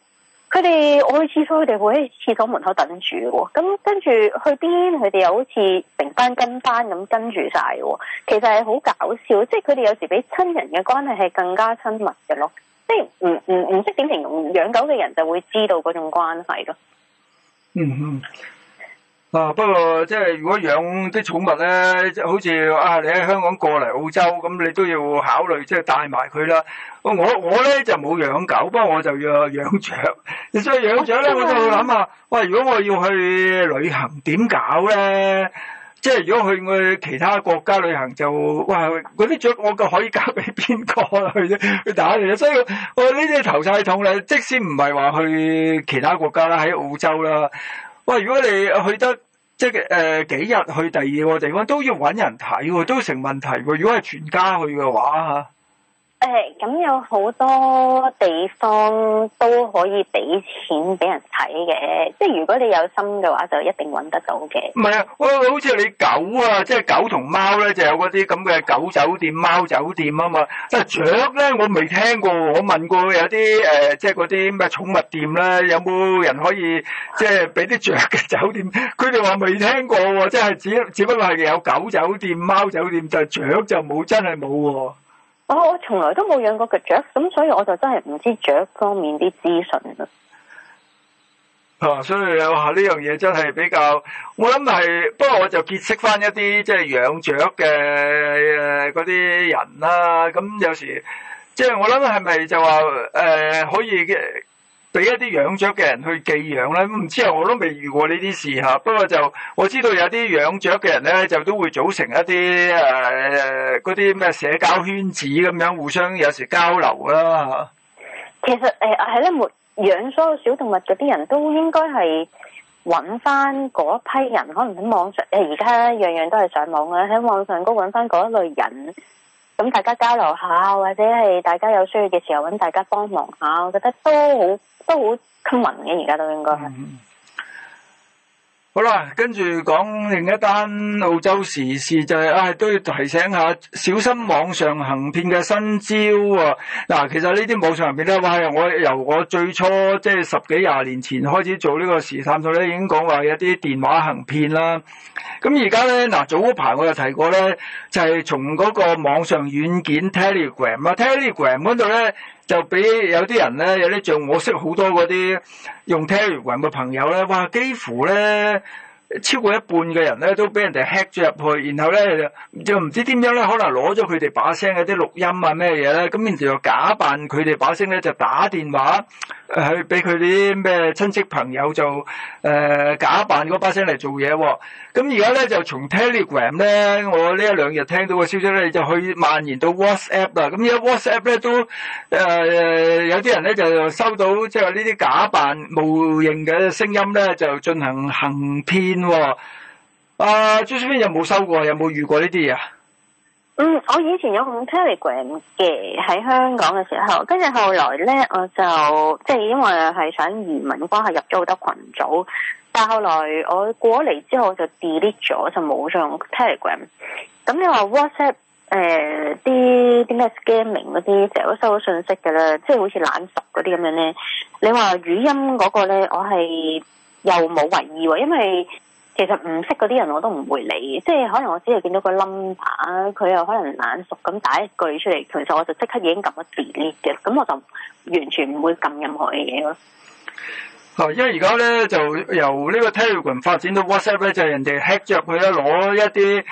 佢哋我去廁所，佢哋會喺廁所門口等住喎。咁跟住去邊，佢哋又好似成班跟班咁跟住晒喎。其實係好搞笑，即係佢哋有時比親人嘅關係係更加親密嘅咯。即係唔唔唔識點形容養狗嘅人就會知道嗰種關係咯。嗯嗯。啊，不過即係如果養啲寵物咧，好似啊你喺香港過嚟澳洲咁，你都要考慮即係帶埋佢啦。我我咧就冇養狗，不過我就要養雀。所以養雀咧、啊，我就諗下，喂、哎，如果我要去旅行，點搞咧？即係如果去我其他國家旅行，就哇啲咗我就可以交俾邊個去啫去打你？所以我呢啲頭曬痛咧。即使唔係話去其他國家啦，喺澳洲啦，喂，如果你去得即係、呃、幾日去第二個地方，都要揾人睇喎，都成問題喎。如果係全家去嘅話吓誒咁有好多地方都可以俾錢俾人睇嘅，即係如果你有心嘅話，就一定揾得到嘅。唔係啊，我好似你狗啊，即係狗同貓咧就有嗰啲咁嘅狗酒店、貓酒店啊嘛。但係雀咧，我未聽過。我問過有啲誒，即係嗰啲咩寵物店咧，有冇人可以即係俾啲雀嘅酒店？佢哋話未聽過喎，即係只只不過係有狗酒店、貓酒店，但係雀就冇，真係冇喎。哦、我我從來都冇養過雀，咁所以我就真係唔知雀方面啲資訊啦。啊，所以有下呢樣嘢真係比較，我諗係，不過我就結識翻一啲即係養雀嘅誒嗰啲人啦、啊。咁有時即係、就是、我諗係咪就話誒、呃、可以嘅？俾一啲養雀嘅人去寄養咧，唔知啊，我都未遇過呢啲事嚇。不過就我知道有啲養雀嘅人咧，就都會組成一啲誒嗰啲咩社交圈子咁樣，互相有時交流啦嚇。其實誒係啦，養所有小動物嘅啲人都應該係揾翻嗰一批人，可能喺網上誒，而家樣樣都係上網嘅，喺網上都揾翻嗰一類人。咁大家交流下，或者係大家有需要嘅時候揾大家幫忙下，我覺得都好都好親民嘅，而家都應該係。Mm-hmm. 好啦，跟住講另一單澳洲時事就係、是、啊，都要提醒下小心網上行騙嘅新招喎、啊。嗱、啊，其實呢啲網上行騙咧，啊、我係我由我最初即係、就是、十幾廿年前開始做呢個時探索咧，已經講話有啲電話行騙啦。咁而家咧，嗱、啊、早嗰排我就提過咧，就係、是、從嗰個網上軟件 Telegram 啊，Telegram 嗰度咧。就俾有啲人咧，有啲像我識好多嗰啲用 Telegram 嘅朋友咧，哇！幾乎咧超過一半嘅人咧，都俾人哋 hack 咗入去，然後咧就唔知點樣咧，可能攞咗佢哋把聲嗰啲錄音啊咩嘢咧，咁然後就假扮佢哋把聲咧，就打電話去俾佢哋啲咩親戚朋友就誒、呃、假扮嗰把聲嚟做嘢喎、哦。咁而家咧就從 Telegram 咧，我呢一兩日聽到嘅消息咧，就去蔓延到 WhatsApp 啦。咁而家 WhatsApp 咧都、呃、有啲人咧就收到即係呢啲假扮模擬嘅聲音咧，就進行行騙。啊，朱小姐有冇收過？有冇遇過呢啲嘢啊？嗯，我以前有用 Telegram 嘅喺香港嘅時候，跟住後來咧我就即係、就是、因為係想移民嘅關係，入咗好多群組。但後來我過嚟之後就 delete 咗，就冇用 Telegram Whatsapp，呃。咁你話 WhatsApp，誒啲啲咩 scamming 嗰啲成日都收到信息嘅咧？即係好似懶熟嗰啲咁樣咧。你話語音嗰個咧，我係又冇為意喎，因為其實唔識嗰啲人我都唔會理。即係可能我只係見到個 number，佢又可能懶熟咁打一句出嚟，其實我就即刻已經撳咗 delete 嘅。咁我就完全唔會撳任何嘅嘢咯。因為而家咧就由呢個 Telegram 發展到 WhatsApp 咧，就係人哋 hack 著佢咧攞一啲。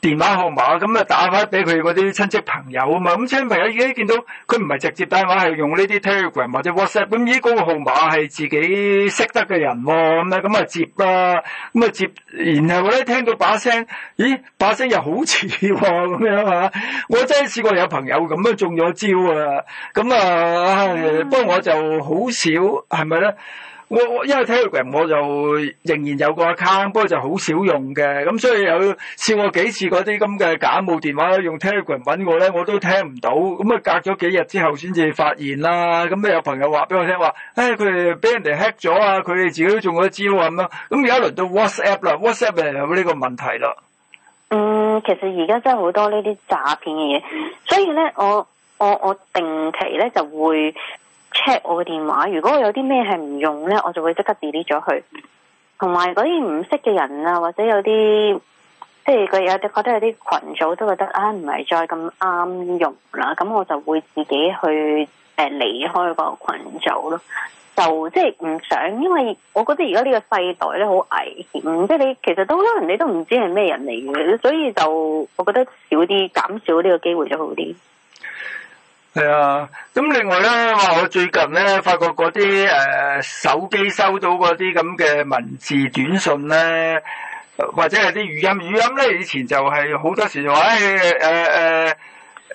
電話號碼咁啊，就打翻俾佢嗰啲親戚朋友啊嘛，咁親戚朋友而家見到佢唔係直接打電話係用呢啲 Telegram 或者 WhatsApp 咁依個號碼係自己識得嘅人喎，咁咧咁啊接啦，咁啊接，然後咧聽到把聲，咦把聲又好似喎，咁樣嚇，我真係試過有朋友咁樣中咗招啊，咁啊，不、嗯、過我就好少，係咪咧？我因為 Telegram 我就仍然有個 account，不過就好少用嘅，咁所以有試過幾次嗰啲咁嘅假冒電話用 Telegram 揾我咧，我都聽唔到，咁啊隔咗幾日之後先至發現啦，咁咧有朋友話俾我聽話，唉佢哋俾人哋 hack 咗啊，佢哋自己都中咗招啊咁咯，咁而家輪到 WhatsApp 啦，WhatsApp 就有呢個問題啦。嗯，其實而家真係好多呢啲詐騙嘅嘢，所以咧我我我定期咧就會 check 我個電話，如果我有啲咩係唔用咧，我就會即刻 delete 咗佢。同埋嗰啲唔識嘅人啊，或者有啲即係佢有啲覺得有啲群組都覺得啊，唔係再咁啱用啦，咁我就會自己去誒離開那個群組咯。就即係唔想，因為我覺得而家呢個世代咧好危險，即係你其實都可能你都唔知係咩人嚟嘅，所以就我覺得少啲減少呢個機會就好啲。係啊，咁另外咧，話我最近咧發覺嗰啲誒手機收到嗰啲咁嘅文字短信咧，或者係啲語音語音咧，以前就係好多時話誒誒。誒、哎。呃呃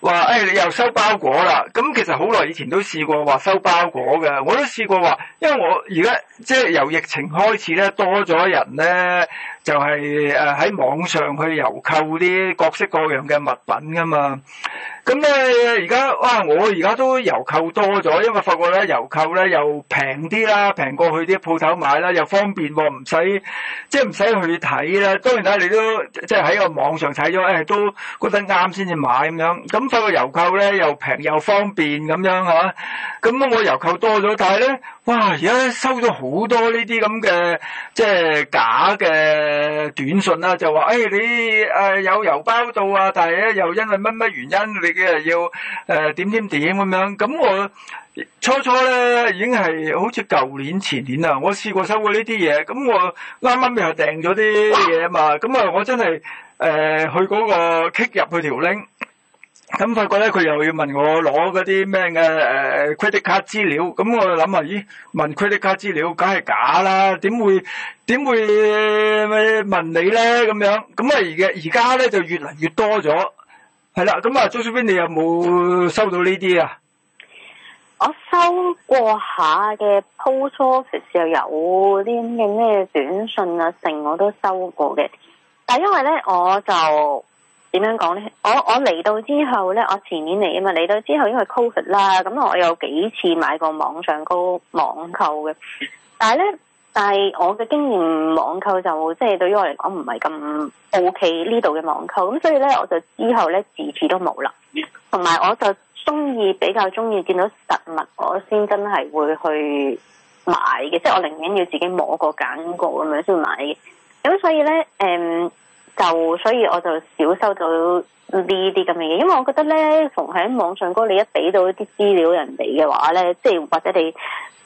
話、哎、你又收包裹啦？咁其實好耐以前都試過話收包裹嘅，我都試過話，因為我而家即係由疫情開始咧，多咗人咧。就係誒喺網上去郵購啲各式各樣嘅物品噶嘛，那現在，咁咧而家哇！我而家都郵購多咗，因為發覺咧郵購咧又平啲啦，平過去啲鋪頭買啦，又方便喎、啊，唔使即係唔使去睇啦。當然啦，你都即係喺個網上睇咗、哎，都覺得啱先至買咁樣。咁發覺郵購咧又平又方便咁樣嚇，咁、啊、我郵購多咗，但係咧哇！而家收咗好多呢啲咁嘅即係假嘅。誒，短訊啦就話，誒，你誒有郵包到啊，但係咧又因為乜乜原因，你嘅又要誒點點點咁樣，咁我初初咧已經係好似舊年前年啊，我試過收過呢啲嘢，咁我啱啱又訂咗啲嘢啊嘛，咁啊我真係誒去嗰個 kick 入去條 link。咁發覺咧，佢又要問我攞嗰啲咩嘅誒 credit card 資料，咁我就諗話：咦？問 credit card 資料，梗係假啦，點會點會問你咧？咁樣咁啊而嘅而家咧就越嚟越多咗，係啦。咁啊，周小姐，你有冇收到呢啲啊？我收過下嘅 post office 又有啲咩咩短信啊，成我都收過嘅，但係因為咧我就。點樣講呢？我我嚟到之後呢，我前年嚟啊嘛，嚟到之後因為 covid 啦，咁我有幾次買過網上高網購嘅，但係呢，但係我嘅經驗網購就即係、就是、對於我嚟講唔係咁 OK 呢度嘅網購，咁所以呢，我就之後呢，次次都冇啦。同埋我就中意比較中意見到實物，我先真係會去買嘅，即、就、係、是、我寧願要自己摸過揀過咁樣先買嘅。咁所以呢。誒、嗯。就所以我就少收到呢啲咁嘅嘢，因為我覺得咧，逢喺網上嗰你一俾到啲資料人哋嘅話咧，即係或者你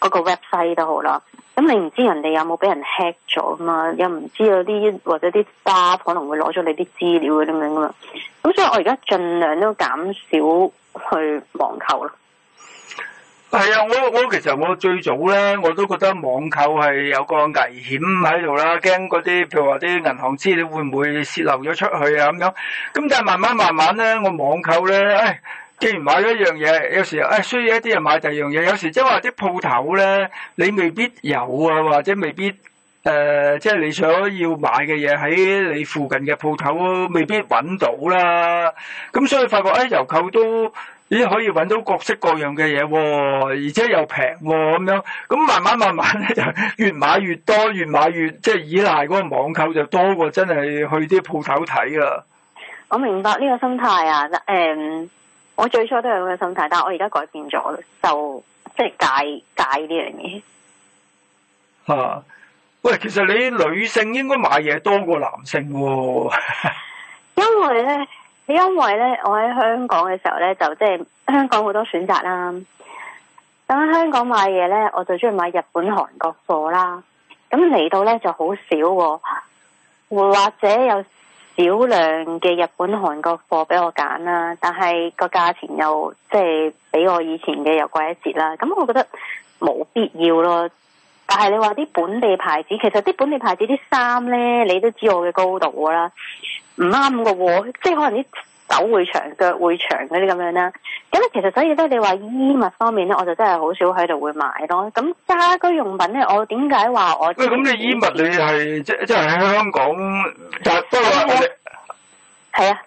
嗰個 website 都好啦，咁你唔知人哋有冇俾人 hack 咗嘛，又唔知有啲或者啲 shop 可能會攞咗你啲資料咁樣噶嘛，咁所以我而家盡量都減少去網購咯。係啊，我我其實我最早咧，我都覺得網購係有個危險喺度啦，驚嗰啲譬如話啲銀行資料會唔會泄漏咗出去啊咁樣。咁但係慢慢慢慢咧，我網購咧，誒，既然買咗一樣嘢，有時誒需要一啲人買第二樣嘢，有時即係話啲鋪頭咧，你未必有啊，或者未必誒，即係你想要買嘅嘢喺你附近嘅鋪頭未必揾到啦。咁所以發覺誒，郵購都。咦，可以揾到各式各樣嘅嘢喎，而且又平喎咁樣，咁慢慢慢慢咧就越買越多，越買越即係、就是、依賴嗰個網購就多過真係去啲鋪頭睇啊！我明白呢個心態啊，誒、嗯，我最初都有咁嘅心態，但係我而家改變咗，就即係、就是、戒戒呢樣嘢。吓、啊，喂，其實你女性應該買嘢多過男性喎，啊， 因為咧。你因為咧，我喺香港嘅時候咧，就即係香港好多選擇啦。咁喺香港買嘢咧，我就中意買日本、韓國貨啦。咁嚟到咧，就好少，或者有少量嘅日本、韓國貨俾我揀啦。但係個價錢又即係比我以前嘅又貴一截啦。咁我覺得冇必要咯。但係你話啲本地牌子，其實啲本地牌子啲衫咧，你都知道我嘅高度啦，唔啱嘅，即係可能啲手會長，腳會長嗰啲咁樣啦。咁咧，其實所以咧，你話衣物方面咧，我就真係好少喺度會買咯。咁家居用品咧，我點解話我？喂，咁你衣物你係即係即係喺香港，但係不過係啊，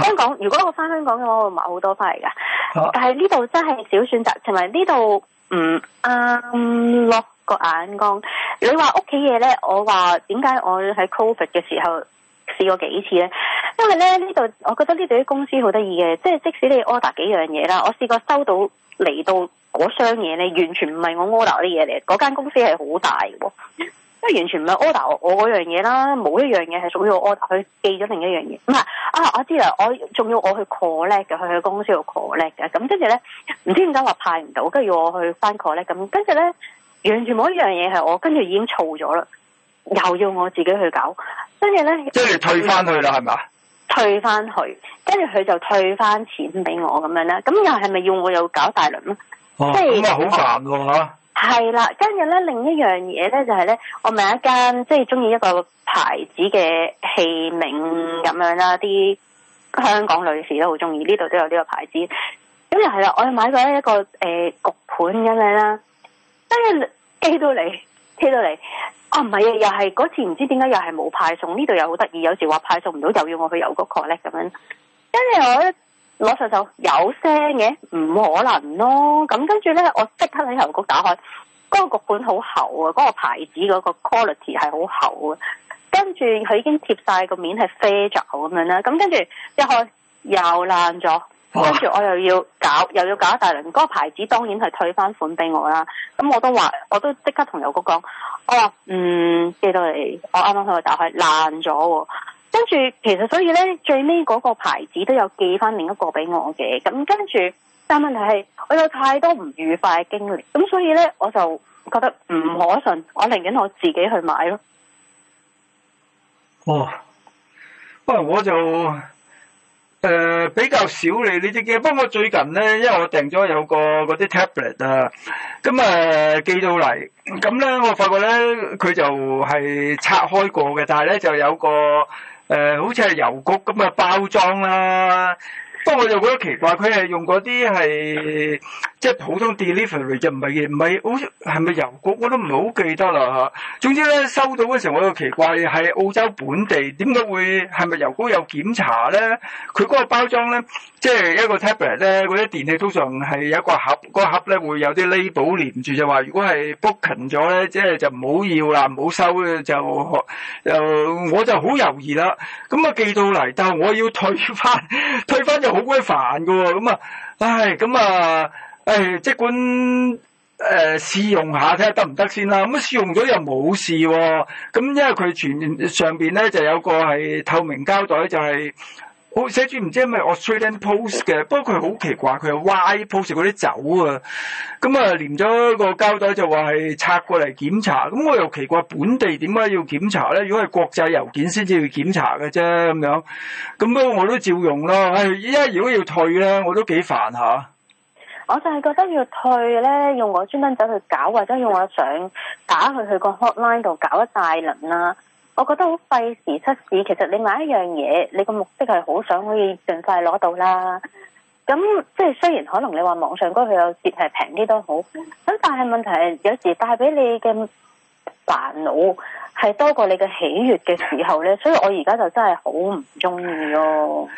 香港。啊、如果我翻香港嘅話，我會買好多翻嚟噶。但係呢度真係少選擇，同埋呢度唔啱咯。個眼光，你話屋企嘢咧，我話點解我喺 Covid 嘅時候試過幾次咧？因為咧呢度，我覺得呢度啲公司好得意嘅，即係即使你 order 幾樣嘢啦，我試過收到嚟，到嗰箱嘢咧，完全唔係我 order 啲嘢嚟。嗰間公司係好大，因為完全唔係 order 我嗰樣嘢啦，冇一樣嘢係屬於我 order，佢寄咗另一樣嘢。唔係啊，我知啦，我仲要我去 collect 嘅，佢去公司度 collect 嘅。咁跟住咧，唔知點解話派唔到，跟住要我去翻 collect，咁跟住咧。完全冇一樣嘢係我，跟住已經嘈咗啦，又要我自己去搞，跟住咧，即係退翻去啦，係咪啊？退翻去，跟住佢就退翻錢俾我咁樣啦，咁又係咪要我又搞大輪咧、啊？即係咁啊，好煩喎吓！係啦，跟住咧另一樣嘢咧就係、是、咧，我買一間即係中意一個牌子嘅器皿咁樣啦，啲香港女士都好中意，呢度都有呢個牌子，咁又係啦，我買咗一個誒、呃、焗盤咁樣啦。跟住寄到嚟，寄到嚟，啊唔係啊，又係嗰次唔知點解又係冇派送，呢度又好得意，有時話派送唔到又要我去郵局 call 咧咁樣。跟住我一攞上手就有聲嘅，唔可能咯。咁跟住咧，我即刻喺郵局打開，嗰個局本好厚啊，嗰個牌子嗰個 quality 係好厚啊。跟住佢已經貼晒個面係啡咗咁樣啦，咁跟住一開又爛咗。跟住我又要搞又要搞大輪，嗰、嗰個牌子，當然係退翻款俾我啦。咁我都話，我都即刻同友哥講，我話嗯，寄到嚟，我啱啱喺度打開爛咗。跟住其實所以呢，最尾嗰個牌子都有寄翻另一個俾我嘅。咁跟住，但問題係我有太多唔愉快嘅經歷，咁所以呢，我就覺得唔可信，我寧願我自己去買咯。哦，不過我就。誒、呃、比較少嚟呢隻嘅，不過最近咧，因為我訂咗有個嗰啲 tablet 啊，咁啊寄到嚟，咁咧我發覺咧佢就係拆開過嘅，但係咧就有個誒、呃、好似係郵局咁嘅包裝啦、啊，不過我就覺得奇怪，佢係用嗰啲係。即係普通 delivery 就唔係嘅，唔係好似係咪郵局我都唔係好記得啦吓，總之咧，收到嘅時候我就奇怪，係澳洲本地點解會係咪郵局有檢查咧？佢嗰個包裝咧，即係一個 tablet 咧，嗰啲電器通常係有一個盒，個盒咧會有啲 label 連住就話，如果係 broken 咗咧，即係就唔好要啦，唔好收咧，就就、呃、我就好猶豫啦。咁啊寄到嚟，但係我要退翻，退翻就好鬼煩㗎喎。咁啊，唉，咁啊～誒，即管誒、呃、試用下睇下得唔得先啦。咁啊試用咗又冇事喎。咁因為佢全上面咧就有個係透明膠袋，就係、是、好寫住唔知係咪 Australian Post 嘅。不過佢好奇怪，佢係歪 post 嗰啲酒啊。咁啊連咗個膠袋就話係拆過嚟檢查。咁、嗯、我又奇怪本地點解要檢查咧？如果係國際郵件先至要檢查嘅啫咁樣。咁、嗯、不過我都照用囉。誒，因為如果要退咧，我都幾煩下。我就係覺得要退呢，用我專登走去搞，或者用我想打佢去去個 hotline 度搞一大輪啦。我覺得好費時失事。其實你買一樣嘢，你個目的係好想可以盡快攞到啦。咁即係雖然可能你話網上嗰佢有折係平啲都好，咁但係問題係有時帶俾你嘅煩惱係多過你嘅喜悅嘅時候呢。所以我而家就真係好唔中意咯。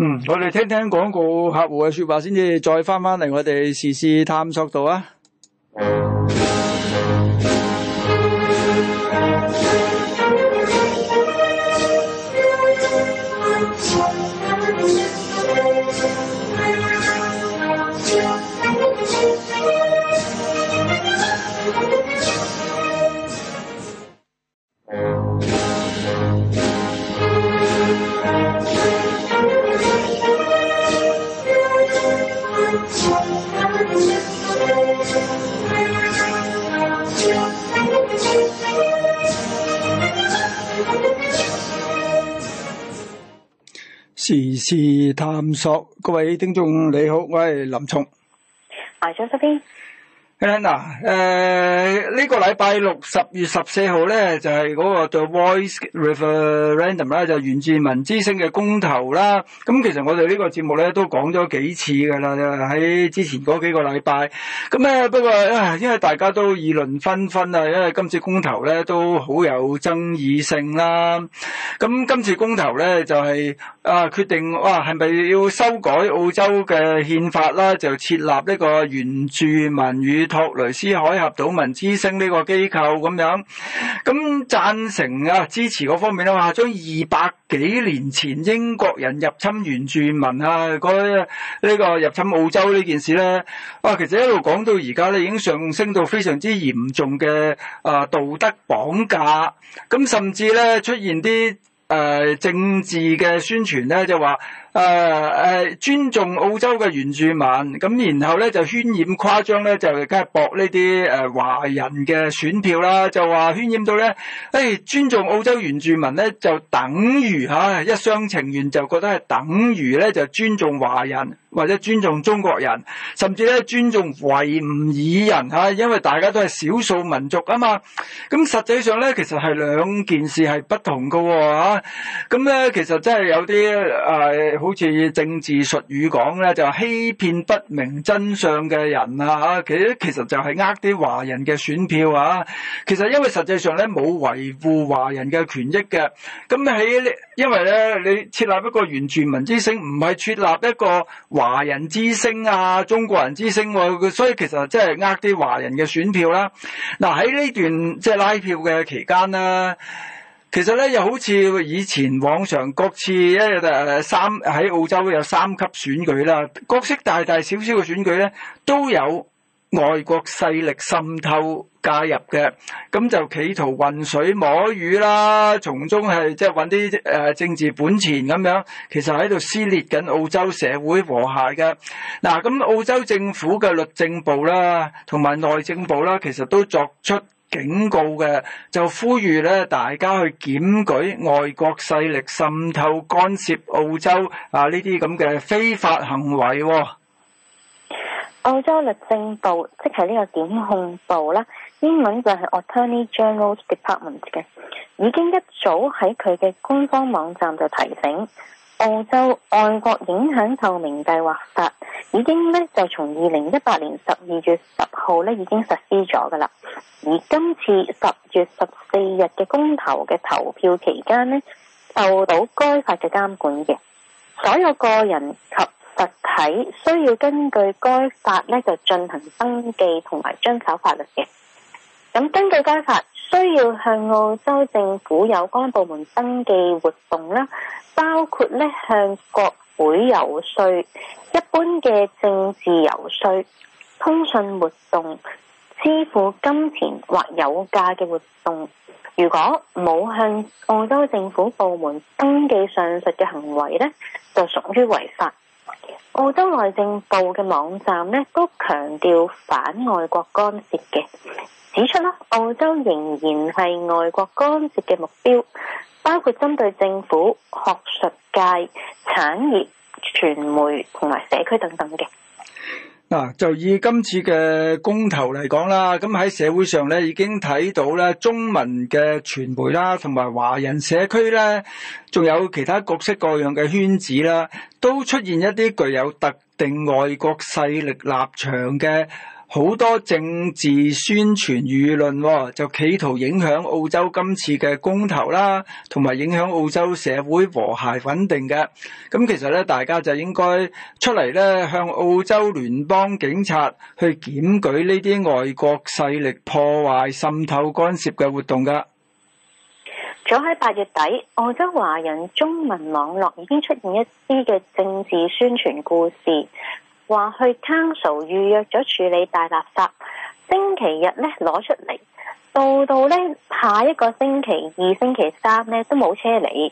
嗯，我哋聽聽廣告客戶嘅說話先至，再返返嚟我哋時事探索度啊。時事探索，各位聽眾你好，我係林松，我係張叔添。嗱，誒、呃，呢、這個禮拜六十月十四號咧，就係、是、嗰個 The Voice Referendum 啦，就是原住民之聲嘅公投啦。咁、嗯、其實我哋呢個節目咧都講咗幾次噶啦，喺之前嗰幾個禮拜。咁、嗯、咧，不過啊，因為大家都議論紛紛啊，因為今次公投咧都好有爭議性啦。咁、嗯、今次公投咧就係、是、啊，決定哇，係、啊、咪要修改澳洲嘅憲法啦，就設立呢個原住民語。托雷斯海峽島民之星呢個機構咁樣。咁贊成啊、支持嗰方面咧、啊，話將二百幾年前英國人入侵原住民啊嗰呢、呢個入侵澳洲呢件事呢，哇、啊！其實一路講到而家咧，已經上升到非常之嚴重嘅啊道德綁架，咁、啊、甚至呢，出現啲誒、呃、政治嘅宣傳呢，就話、是。誒、呃、誒尊重澳洲嘅原住民，咁然後咧就渲染誇張咧，就梗係博呢啲誒華人嘅選票啦。就話渲染到咧，誒、哎、尊重澳洲原住民咧，就等於吓、啊、一廂情願就覺得係等於咧就尊重華人或者尊重中國人，甚至咧尊重維吾爾人吓、啊，因為大家都係少數民族啊嘛。咁實際上咧，其實係兩件事係不同嘅喎。咁咧其實真係有啲誒。哎好似政治術語講咧，就欺騙不明真相嘅人啊！嚇，其實其實就係呃啲華人嘅選票啊！其實因為實際上咧冇維護華人嘅權益嘅，咁喺因為咧你設立一個原住民之聲，唔係設立一個華人之聲啊、中國人之聲，所以其實即係呃啲華人嘅選票啦。嗱喺呢段即係拉票嘅期間啦。其實咧，又好似以前往常各次一誒三喺澳洲有三級選舉啦，各式大大小小嘅選舉咧，都有外國勢力滲透介入嘅，咁就企圖混水摸魚啦，從中係即係搵啲誒政治本錢咁樣，其實喺度撕裂緊澳洲社會和諧嘅。嗱，咁澳洲政府嘅律政部啦，同埋內政部啦，其實都作出。警告嘅就呼籲咧，大家去檢舉外國勢力滲透干涉澳洲啊，呢啲咁嘅非法行為。哦，澳洲律政部即係呢個檢控部啦，英文就係 Attorney General's Department 嘅，已經一早喺佢嘅官方網站就提醒澳洲外國影響透明計劃法已經呢就從二零一八年十二月十號呢已經實施咗㗎喇，而今次十月十四日嘅公投嘅投票期間呢，受到該法嘅監管嘅，所有個人及實體需要根據該法呢就進行登記同埋遵守法律嘅。咁根據加法，需要向澳洲政府有關部門登記活動啦，包括咧向國會游説、一般嘅政治游説、通訊活動、支付金錢或有價嘅活動。如果冇向澳洲政府部門登記上述嘅行為咧，就屬於違法。澳洲內政部嘅網站呢，都強調反外國干涉嘅，指出啦，澳洲仍然係外國干涉嘅目標，包括針對政府、學術界、產業、傳媒同埋社區等等嘅。嗱，就以今次嘅公投嚟講啦，咁喺社會上咧已經睇到咧中文嘅傳媒啦，同埋華人社區咧，仲有其他各式各樣嘅圈子啦，都出現一啲具有特定外國勢力立場嘅，好多政治宣傳輿論，就企圖影響澳洲今次嘅公投啦，同埋影響澳洲社會和諧穩定嘅。咁其實咧，大家就應該出嚟咧，向澳洲聯邦警察去檢舉呢啲外國勢力破壞、滲透、干涉嘅活動噶。早喺八月底，澳洲華人中文網絡已經出現一啲嘅政治宣傳故事。話去 council 預約咗處理大垃圾，星期日咧攞出嚟，到到咧下一個星期二星期三咧都冇車嚟，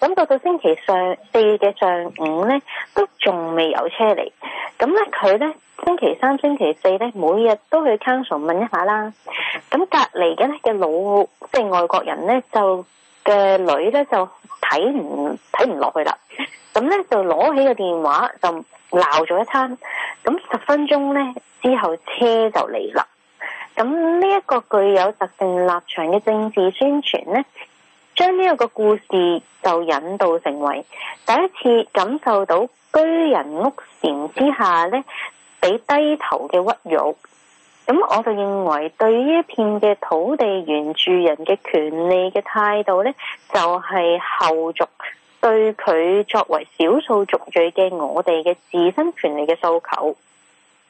咁到到星期上四嘅上午咧都仲未有車嚟，咁咧佢咧星期三星期四咧每日都去 council 問一下啦，咁隔籬嘅咧嘅老即係、就是、外國人咧就嘅女咧就睇唔睇唔落去啦，咁咧就攞起個電話就。鬧咗一餐，咁十分鐘呢之後車就嚟啦。咁呢一個具有特定立場嘅政治宣傳呢，將呢個故事就引導成為第一次感受到居人屋檐之下呢，俾低頭嘅屈辱。咁我就認為對於一片嘅土地原住人嘅權利嘅態度呢，就係後續。對佢作為少數族裔嘅我哋嘅自身權利嘅訴求，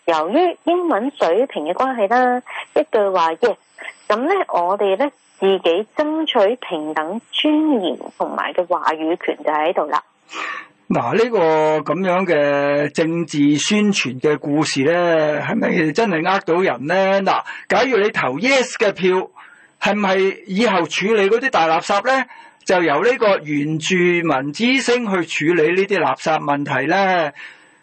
由於英文水平嘅關係啦，一句話耶，咁、yeah、咧我哋咧自己爭取平等尊嚴同埋嘅話語權就喺度啦。嗱，呢個咁樣嘅政治宣傳嘅故事咧，係咪真係呃到人咧？嗱，假如你投 yes 嘅票，係唔係以後處理嗰啲大垃圾咧？就由呢個原住民之聲去處理呢啲垃圾問題咧。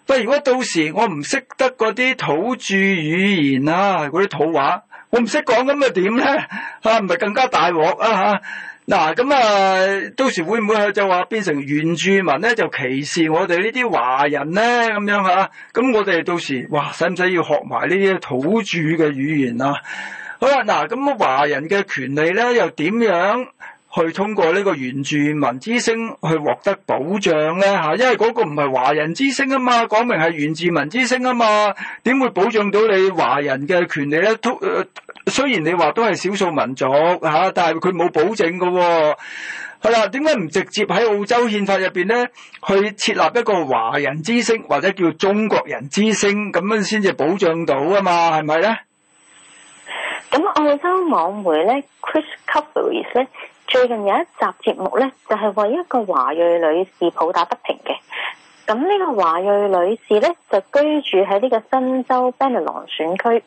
喂，如果到時我唔識得嗰啲土著語言啦、啊，嗰啲土話，我唔識講咁啊點咧？啊，唔係更加大鑊啊嚇，嗱，咁啊，啊，到時會唔會就話變成原住民咧就歧視我哋呢啲華人咧咁樣嚇、啊？咁、啊、我哋到時哇，使唔使要學埋呢啲土著嘅語言啊？好啦、啊，嗱、啊，咁、啊、華人嘅權利咧又點樣？去通過呢個原住民之聲去獲得保障咧吓，因為嗰個唔係華人之聲啊嘛，講明係原住民之聲啊嘛，點會保障到你華人嘅權利咧？雖然你話都係少數民族吓，但係佢冇保證噶喎、哦。係啦，點解唔直接喺澳洲憲法入邊咧，去設立一個華人之聲或者叫中國人之聲咁樣先至保障到啊嘛？係咪咧？咁澳洲網媒咧，Chris c o p e r e s 咧。最近有一集節目咧，就係、是、為一個華裔女士抱打不平嘅。咁呢個華裔女士咧，就居住喺呢個新州 Bennelong 選區。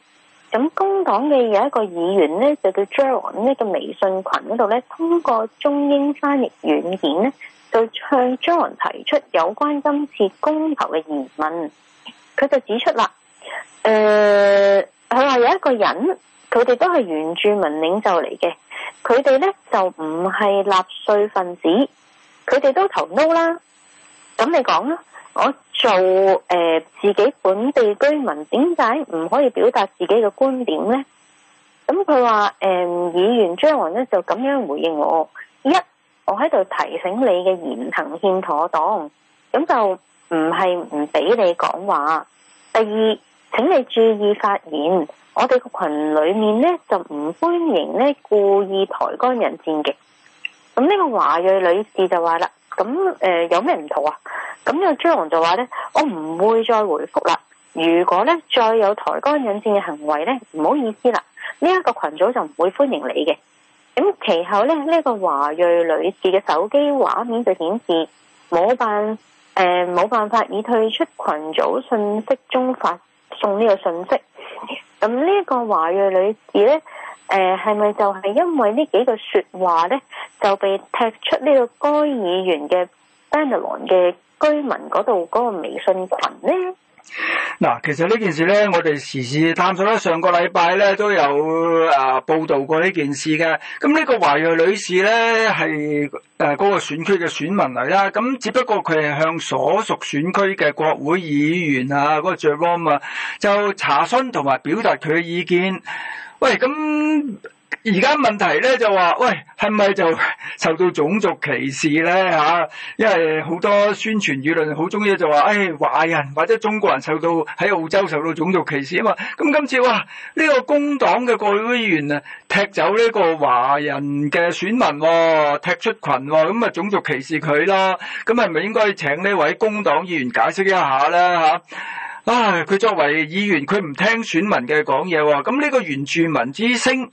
咁工黨嘅有一個議員咧，就叫 Jaron，呢個微信群度咧，通過中英翻譯軟件咧，就向 Jaron 提出有關今次公投嘅疑問。佢就指出啦，誒、呃，佢話有一個人。佢哋都係原住民領袖嚟嘅，佢哋呢就唔係納稅分子，佢哋都投 no 啦。咁你講啦，我做誒、呃、自己本地居民，點解唔可以表達自己嘅觀點呢？咁佢話：誒、呃，議員張雲呢就咁樣回應我。一，我喺度提醒你嘅言行欠妥當，咁就唔係唔俾你講話。第二，請你注意發言。我哋個群裏面呢，就唔歡迎呢故意抬杆引戰嘅。咁呢個華裔女士就話啦，咁誒、呃、有咩唔妥啊？咁呢個張龍就話呢：「我唔會再回覆啦。如果呢再有抬杆引戰嘅行為呢，唔好意思啦，呢、這、一個群組就唔會歡迎你嘅。咁其後呢，呢、這個華裔女士嘅手機畫面就顯示冇辦誒冇、呃、辦法以退出群組，信息中發送呢個信息。咁呢個華裔女子呢，呃，係咪就係因為呢幾個說話呢，就被踢出呢個該議員嘅 b a n 丹麥嘅居民嗰度嗰個微信群呢？嗱，其實呢件事咧，我哋時事探索啦。上個禮拜咧都有啊報道過呢件事嘅。咁呢個華裔女士咧，係誒嗰個選區嘅選民嚟啦。咁只不過佢係向所屬選區嘅國會議員啊，嗰個 Jerome 啊，就查詢同埋表達佢嘅意見。喂，咁。而家問題咧就話，喂，係咪就受到種族歧視咧吓？因為好多宣傳輿論好中意就話，誒、哎，華人或者中國人受到喺澳洲受到種族歧視啊嘛。咁今次哇，呢、這個工黨嘅國會議員啊，踢走呢個華人嘅選民，哦，踢出群、哦，咁啊種族歧視佢咯。咁係咪應該請呢位工黨議員解釋一下咧吓？啊，佢作為議員，佢唔聽選民嘅講嘢，咁呢個原住民之聲。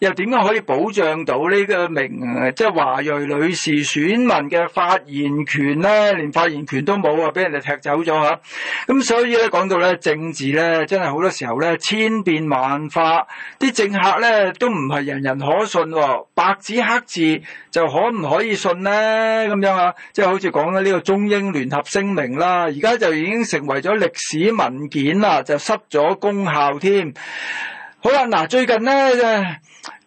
又點樣可以保障到呢個名，即華裔女士選民嘅發言權呢？連發言權都冇啊，俾人哋踢走咗嚇。咁所以咧講到咧政治咧，真係好多時候咧千變萬化，啲政客咧都唔係人人可信喎。白紙黑字就可唔可以信呢？咁樣啊，即係好似講緊呢個中英聯合聲明啦，而家就已經成為咗歷史文件啦，就失咗功效添。好啦，嗱，最近咧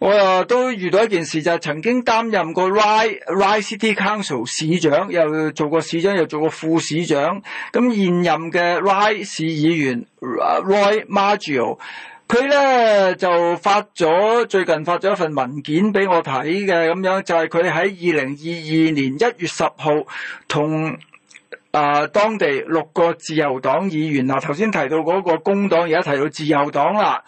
我都遇到一件事，就係曾經擔任過 Ryde Ryde City Council 市長，又做過市長，又做過副市長。咁現任嘅 Ryde 市議員 Roy Maggio 佢咧就發咗最近發咗一份文件俾我睇嘅，咁樣就係佢喺二零二二年一月十號同，啊！當地六個自由黨議員嗱，頭、啊、先提到嗰個工黨，而家提到自由黨啦。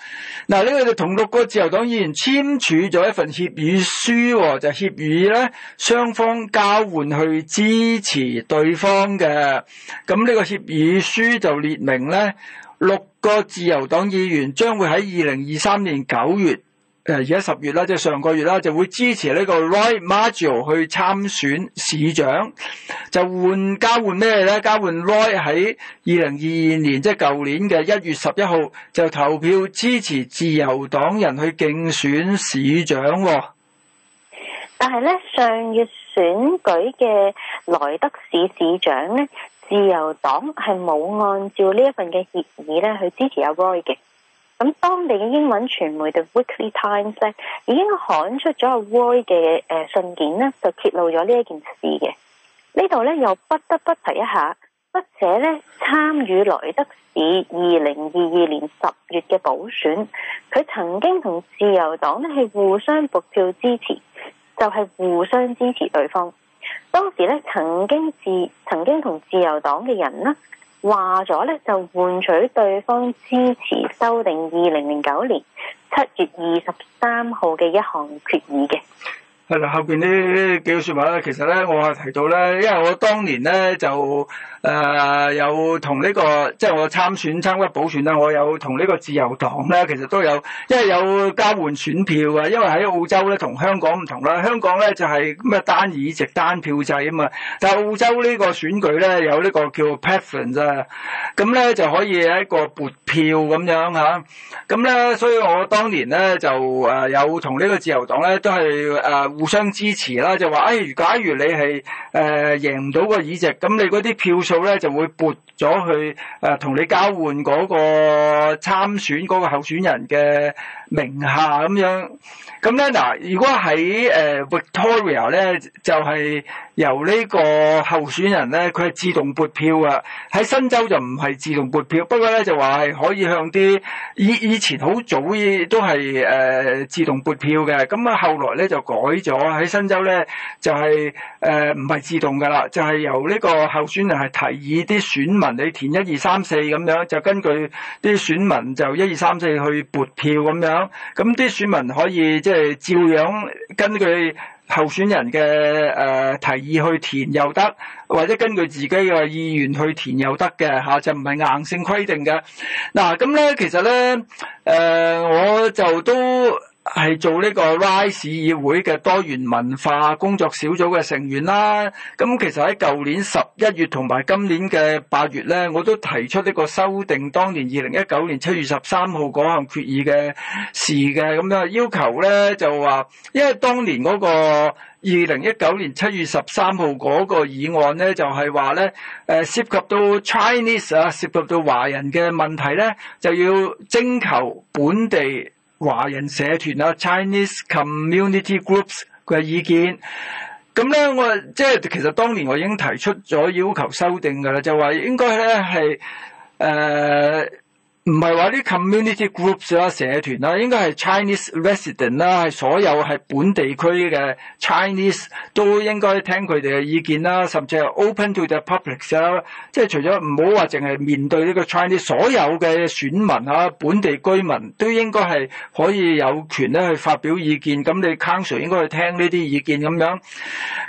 嗱、啊，呢個就同六個自由黨議員簽署咗一份協議書，就是、協議呢，雙方交換去支持對方嘅。咁呢個協議書就列明呢，六個自由黨議員將會喺二零二三年九月。誒而家十月啦，即係上個月啦，就會支持呢個 Roy Maggio 去參選市長，就換交換咩咧？交換 Roy 喺二零二二年，即係舊年嘅一月十一號就投票支持自由黨人去競選市長、哦。但係咧，上月選舉嘅萊德市市長咧，自由黨係冇按照呢一份嘅協議咧去支持阿 Roy 嘅。咁當地嘅英文傳媒《The Weekly Times》咧，已經刊出咗阿 Roy 嘅誒信件呢，就揭露咗呢一件事嘅。呢度呢，又不得不提一下，筆者呢參與萊德市二零二二年十月嘅補選，佢曾經同自由黨呢係互相撥票支持，就係、是、互相支持對方。當時呢，曾經自曾經同自由黨嘅人呢。話咗呢，就換取對方支持修訂二零零九年七月二十三號嘅一項決議嘅。係啦，後面呢幾句説話咧，其實咧我提到咧，因為我當年咧就誒、呃、有同呢、這個即係、就是、我參選參加補選啦，我有同呢個自由黨咧，其實都有，因為有交換選票啊。因為喺澳洲咧同香港唔同啦，香港咧就係、是、咩單議席單票制啊嘛，但係澳洲呢個選舉咧有呢個叫 preference 啊，咁咧就可以一個撥票咁樣嚇，咁、啊、咧所以我當年咧就誒、呃、有同呢個自由黨咧都係誒。呃互相支持啦，就話誒、哎，假如你係誒、呃、贏唔到個議席，咁你嗰啲票數咧就會撥咗去誒同、呃、你交換嗰個參選嗰個候選人嘅名下咁樣。咁咧嗱，如果喺誒、呃、Victoria 咧，就係、是。由呢個候選人咧，佢係自動撥票㗎。喺新州就唔係自動撥票，不過咧就話係可以向啲以以前好早已都係、呃、自動撥票嘅，咁啊後來咧就改咗喺新州咧就係誒唔係自動㗎喇，就係、是、由呢個候選人係提議啲選民你填一二三四咁樣，就根據啲選民就一二三四去撥票咁樣，咁啲選民可以即係、就是、照樣根據，候選人嘅誒、呃、提議去填又得，或者根據自己嘅意願去填又得嘅吓，就唔係硬性規定嘅。嗱咁咧，其實咧，誒、呃，我就都。係做呢個 s e 議會嘅多元文化工作小組嘅成員啦。咁其實喺舊年十一月同埋今年嘅八月咧，我都提出呢個修訂當年二零一九年七月十三號嗰項決議嘅事嘅。咁咧要求咧就話，因為當年嗰個二零一九年七月十三號嗰個議案咧，就係話咧，誒涉及到 Chinese 啊，涉及到華人嘅問題咧，就要徵求本地。華人社團啦，Chinese community groups 嘅意見，咁咧，我即係其實當年我已經提出咗要求修訂嘅啦，就話應該咧係誒。呃唔係話啲 community groups 啦、社團啦，應該係 Chinese resident 啦，係所有係本地區嘅 Chinese 都應該聽佢哋嘅意見啦，甚至係 open to the public 啦。即係除咗唔好話淨係面對呢個 Chinese，所有嘅選民啊、本地居民都應該係可以有權咧去發表意見。咁你 council 應該去聽呢啲意見咁樣。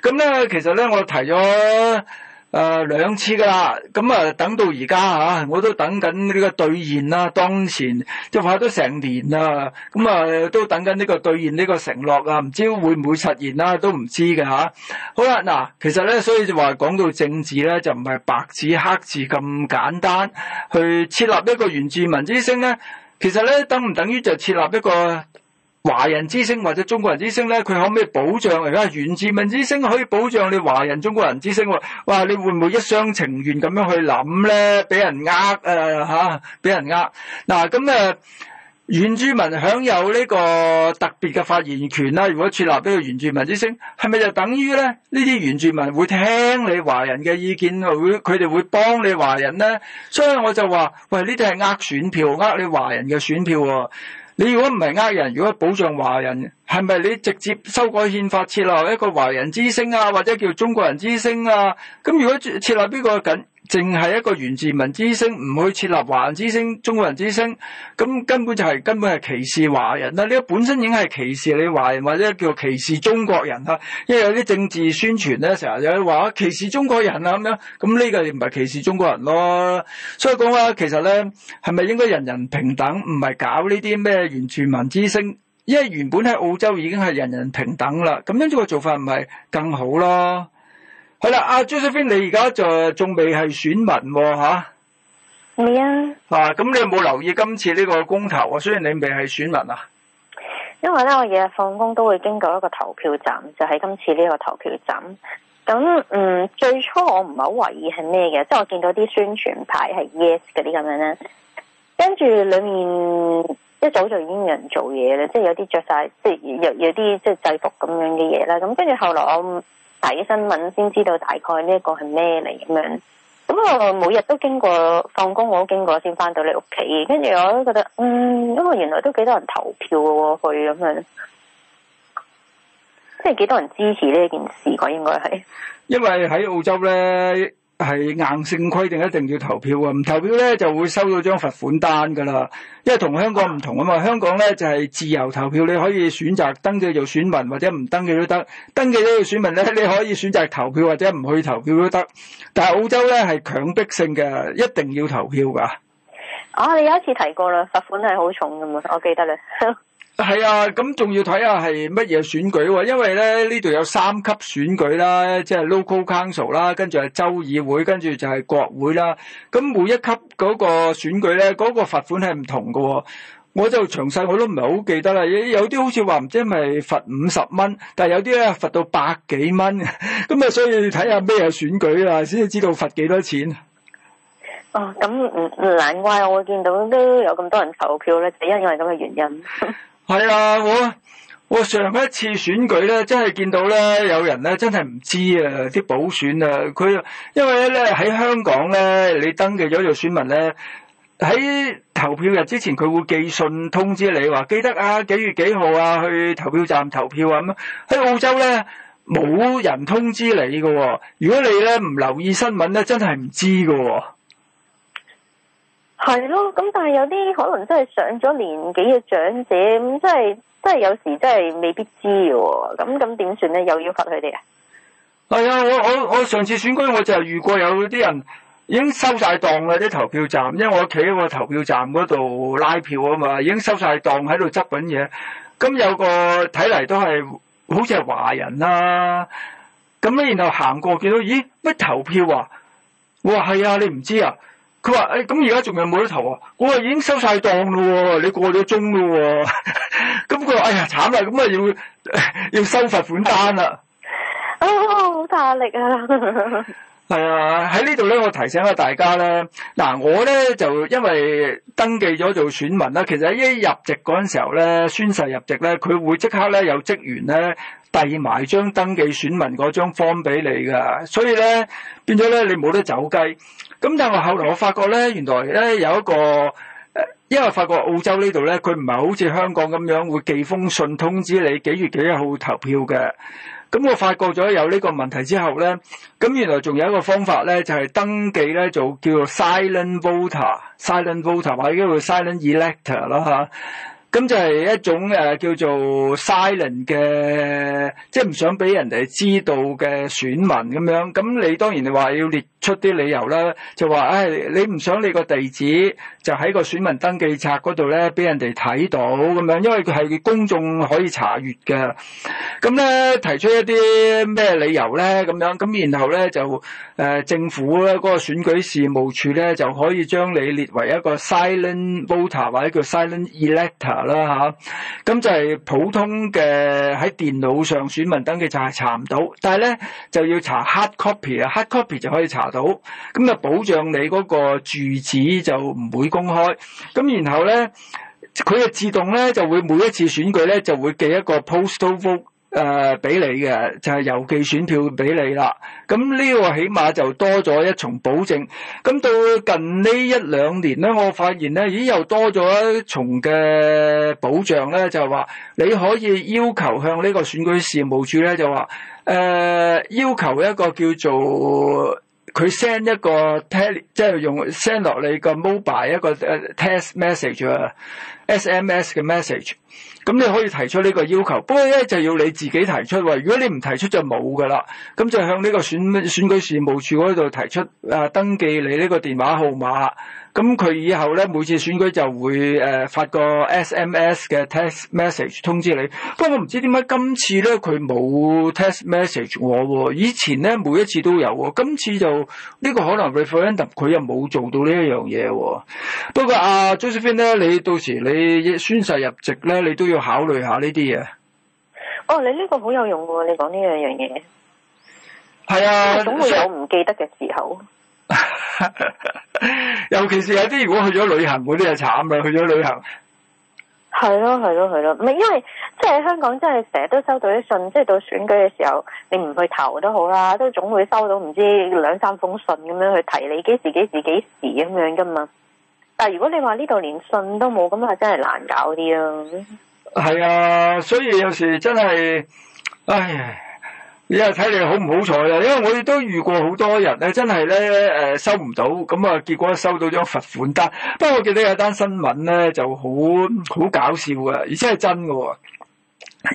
咁咧，其實咧，我提咗。誒、呃，兩次噶啦，咁啊，等到而家吓，我都等緊呢個兌現啦、啊。當前即係都成年啦，咁啊，都等緊呢個兌現呢個承諾啊，唔知會唔會實現啦、啊，都唔知嘅吓、啊。好啦，嗱，其實咧，所以就話講到政治咧，就唔係白紙黑字咁簡單去設立一個原住民之聲咧。其實咧，等唔等於就設立一個？華人之聲或者中國人之聲呢，咧，佢可唔可以保障而家原住民之聲可以保障你華人中國人之聲哇？你會唔會一廂情願咁樣去諗咧？俾人呃誒吓，俾人、啊、呃嗱咁誒，原住民享有呢個特別嘅發言權啦。如果設立呢個原住民之聲，係咪就等於咧呢啲原住民會聽你華人嘅意見，會佢哋會幫你華人咧？所以我就話，喂，呢啲係呃選票，呃你華人嘅選票喎、哦。你如果唔係呃人，如果保障華人，係咪你直接修改憲法設立一個華人之聲啊，或者叫中國人之聲啊？咁如果設立邊個淨係一個原住民之聲，唔去設立華人之聲、中國人之聲，咁根本就係、是、根本係歧視華人啦！呢、這個本身已經係歧視你華人，或者叫做歧視中國人啦。因為有啲政治宣傳咧，成日有啲話歧視中國人啊咁樣，咁呢個唔係歧視中國人咯。所以講話其實咧，係咪應該人人平等？唔係搞呢啲咩原住民之聲，因為原本喺澳洲已經係人人平等啦，咁樣呢個做法唔係更好咯？係啦，阿 Josephine 你而家就仲未係選民喎，吓？未啊。嗱，咁你有冇留意今次呢個公投啊？雖然你未係選民啊。因為咧，我日日放工都會經過一個投票站，就喺、是、今次呢個投票站。咁嗯，最初我唔係好懷疑係咩嘅，即係我見到啲宣傳牌係 yes 嗰啲咁樣咧。跟住裏面一早就已經有人做嘢啦，即係有啲着晒，即係有有啲即係制服咁樣嘅嘢啦。咁跟住後來我。睇新聞先知道大概呢一個係咩嚟咁樣，咁我每日都經過放工我都經過先翻到你屋企，跟住我都覺得，嗯，因為原來都幾多人投票嘅去咁樣，即係幾多人支持呢一件事嘅應該係，因為喺澳洲咧。係硬性規定，一定要投票啊，唔投票咧就會收到張罰款單噶啦。因為同香港唔同啊嘛，香港咧就係、是、自由投票，你可以選擇登記做選民或者唔登記都得。登記咗做選民咧，你可以選擇投票或者唔去投票都得。但係澳洲咧係強迫性嘅，一定要投票噶。哦、啊，你有一次提過啦，罰款係好重噶嘛，我記得啦。 係啊，咁仲要睇下係乜嘢選舉喎、啊？因為咧呢度有三級選舉啦，即係 local council 啦，跟住係州議會，跟住就係國會啦。咁每一級嗰個選舉咧，嗰、嗰個罰款係唔同噶、哦。我就詳細我都唔係好記得好是是 啦。有啲好似話唔知係咪罰五十蚊，但係有啲咧罰到百幾蚊。咁啊，所以睇下咩嘢選舉啊，先至知道罰幾多錢。哦，咁難怪我見到都有咁多人投票咧，就係、因為咁嘅原因。 係啊，我我上一次選舉咧，真係見到咧有人咧，真係唔知啊，啲補選啊，佢因為咧喺香港咧，你登記咗做選民咧，喺投票日之前佢會寄信通知你話記得啊，幾月幾號啊去投票站投票啊咁。喺澳洲咧冇人通知你噶喎，如果你咧唔留意新聞咧，真係唔知噶喎。係咯，咁但係有啲可能真係上咗年紀嘅長者，咁即係即係有時真係未必知喎。咁咁點算咧？又要罰佢哋啊？係啊，我我我上次選舉我就遇過有啲人已經收晒檔喇啲投票站，因為我企喺個投票站嗰度拉票啊嘛，已經收晒檔喺度執緊嘢。咁有個睇嚟都係好似係華人啦、啊，咁咧然後行過見到咦乜，投票啊？我話係啊，你唔知啊？佢話：誒咁而家仲有冇得投啊？我話已經收曬檔咯喎，你過咗鐘咯喎。咁佢話：哎呀，慘啦！咁啊要要收罰款單啦。啊、哎，我好大力啊！係 啊，喺呢度咧，我提醒下大家咧。嗱，我咧就因為登記咗做選民啦。其實一入席入籍嗰陣時候咧，宣誓入籍咧，佢會即刻咧有職員咧遞埋張登記選民嗰張 form 俾你噶。所以咧，變咗咧，你冇得走雞。咁但係我後來我發覺咧，原來咧有一個，誒，因為我發覺澳洲呢度咧，佢唔係好似香港咁樣會寄封信通知你幾月幾號投票嘅。咁我發覺咗有呢個問題之後咧，咁原來仲有一個方法咧，就係登記咧，就叫做 silent voter、silent voter 或者叫做 silent elector 啦嚇。咁就係一種誒叫做 silent 嘅，即係唔想俾人哋知道嘅選民咁樣。咁你當然你話要列出啲理由啦，就話誒、哎、你唔想你個地址就喺個選民登記冊度咧俾人哋睇到咁樣，因為佢係公眾可以查閱嘅。咁咧提出一啲咩理由咧咁樣咁然後咧就誒、呃、政府咧、嗰個選舉事務處咧就可以將你列為一個 silent voter 或者叫 silent elector 啦吓咁就係普通嘅喺電腦上選民登記冊係查唔到，但係咧就要查 hard copy 啊，hard copy 就可以查到。到咁啊，保障你嗰個住址就唔會公開。咁然後咧，佢就自動咧就會每一次選舉咧就會寄一個 postal vote 誒、呃、俾你嘅，就係、是、郵寄選票俾你啦。咁呢個起碼就多咗一重保證。咁到近呢一兩年咧，我發現咧咦又多咗一重嘅保障咧，就話你可以要求向呢個選舉事務處咧就話誒、呃、要求一個叫做。佢 send 一個 tell，即係用 send 落你個 mobile 一個 text message 啊，SMS 嘅 message。咁你可以提出呢個要求，不過咧就要你自己提出，如果你唔提出就冇噶啦。咁就向呢個選選舉事務處嗰度提出、啊、登記你呢個電話號碼。咁佢以後咧，每次選舉就會、呃、發個 SMS 嘅 text message 通知你。不過我唔知點解今次咧佢冇 text message 我、哦、喎、哦。以前咧每一次都有喎，今次就呢、呢個可能 referendum 佢又冇做到、哦啊 Josephine、呢一樣嘢。不過阿 Josephine 咧，你到時你宣誓入席咧，你都要考慮下呢啲嘢。哦，你呢個好有用喎，你講呢兩樣嘢。係啊，總會有唔記得嘅時候。 尤其是有啲如果去咗旅行嗰啲就慘啦，去咗旅行。係咯係咯係咯，唔係因為即係香港真係成日都收到啲信，即係到選舉嘅時候，你唔去投都好啦，都總會收到唔知兩三封信咁樣去提你幾時幾時幾時咁樣噶嘛。但係如果你話呢度連信都冇，咁啊真係難搞啲咯。係啊，所以有時真係，唉。你又睇你好唔好彩啦，因為我哋都遇過好多人咧，真係咧誒，收唔到，咁啊結果收到咗罰款單。不過我記得有單新聞咧就好好搞笑嘅，而且係真喎！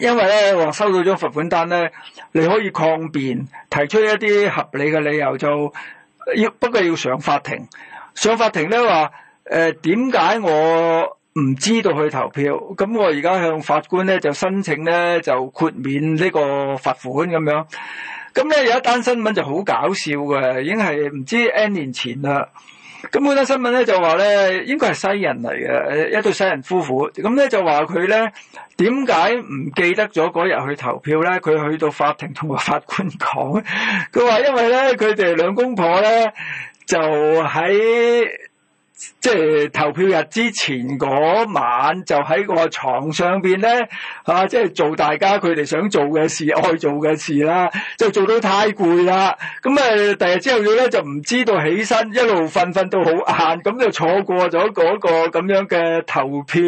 因為咧話收到咗罰款單咧，你可以抗辯，提出一啲合理嘅理由就，就要不過要上法庭。上法庭咧話誒，點解我唔知道去投票，咁我而家向法官咧就申請咧就豁免呢個罰款咁樣。咁咧有一單新聞就好搞笑嘅，已經係唔知 N 年前啦。咁嗰單新聞咧就話咧，應該係西人嚟嘅，一對西人夫婦。咁咧就話佢咧點解唔記得咗嗰日去投票咧？佢去到法庭同個法官講，佢 話因為咧佢哋兩公婆咧就喺。即係投票日之前嗰晚，就喺個床上邊咧，啊，即係做大家佢哋想做嘅事、愛做嘅事啦。就做到太攰啦，咁誒，第二朝早咧就唔知道起身，一路瞓瞓到好晏，咁就錯過咗嗰個咁樣嘅投票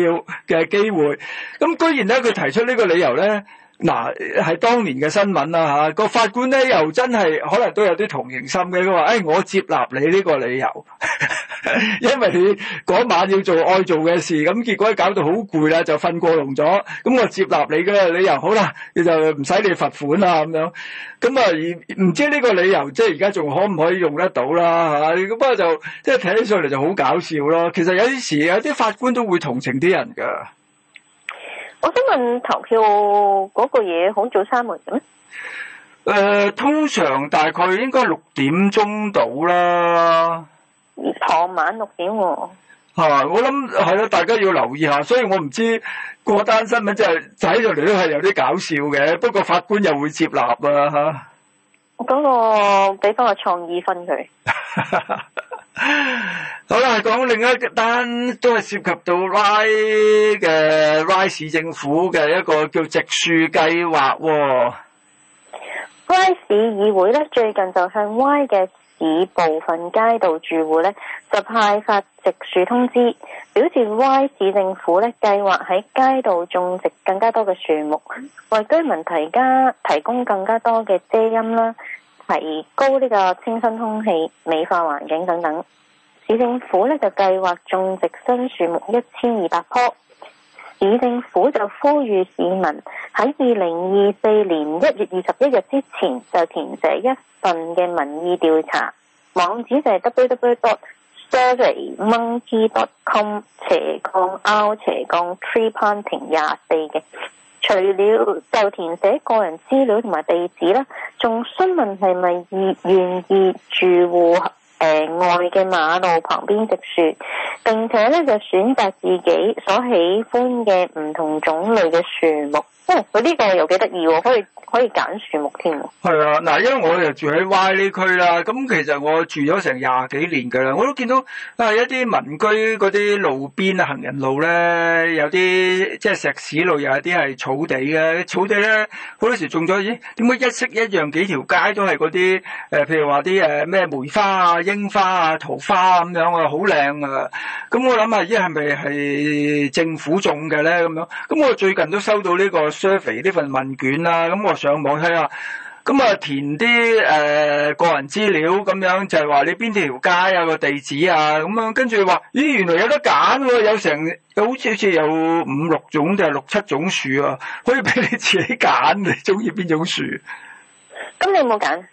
嘅機會。咁居然咧，佢提出呢個理由咧。嗱、啊，係當年嘅新聞啦嚇，個、啊、法官咧又真係可能都有啲同情心嘅，佢話：誒、哎，我接納你呢個理由， 因為你嗰晚要做愛做嘅事，咁結果搞到好攰啦，就瞓過龍咗。咁我接納你嘅理由，好啦，你就唔使你罰款啦咁樣。咁啊，唔知呢個理由即係而家仲可唔可以用得到啦嚇？咁、啊、不過就即係睇起上嚟就好搞笑咯。其實有啲時有啲法官都會同情啲人㗎。我想問投票嗰個嘢，好早閂門嘅咩？誒、呃，通常大概應該六點鐘到啦。傍晚六點喎、哦啊。我諗係啦，大家要留意一下。所以我唔知嗰單新聞即係睇落嚟，都係有啲搞笑嘅，不過法官又會接納啊吓。嗰，那個俾翻個創意分佢。 好啦，講另一個單都係涉及到 Ryde 嘅 Ryde 市政府嘅一個叫植樹計劃。Ryde 市議會呢，最近就向 Ryde 嘅市部分街道住戶呢，就派發植樹通知，表示 Ryde 市政府呢計劃喺街道種植更加多嘅樹木，為居民提加提供更加多嘅遮陰啦。提高呢個清新空氣、美化環境等等，市政府咧，就計劃種植新樹木一千二百棵。市政府就呼籲市民喺二零二四年一月二十一日之前就填寫一份嘅民意調查，網址就係 www.surveymonkey.com 斜槓 out 斜槓 treeplanting 廿四嘅。除了就填寫個人資料同埋地址啦，仲詢問係咪願意住戶。誒，外嘅馬路旁邊植樹，並且咧就選擇自己所喜歡嘅唔同種類嘅樹木。哇、嗯，佢、這、呢個又幾得意喎，可以可以揀樹木添。係啊，嗱，因為我就住喺 Y 呢區啦，咁其實我住咗成廿幾年噶啦，我都見到啊一啲民居嗰啲路邊啊行人路咧，有啲即係石屎路，又有啲係草地嘅。草地咧好多時候種咗，咦？點解一式一樣幾條街都係嗰啲誒，譬如話啲誒咩梅花啊.櫻花啊，桃花啊，咁樣啊，好靚啊！咁我諗啊，咦係咪係政府種嘅咧？咁樣，咁我最近都收到呢個 survey 呢份問卷啦、啊。咁我上網睇下，咁啊填啲誒、呃、個人資料咁樣，就係、是、話你邊條街啊個地址啊咁啊，跟住話咦原來有得揀、啊，有成有好似好似有五六種定係六七種樹啊，可以俾你自己揀你中意邊種樹。咁你有冇揀？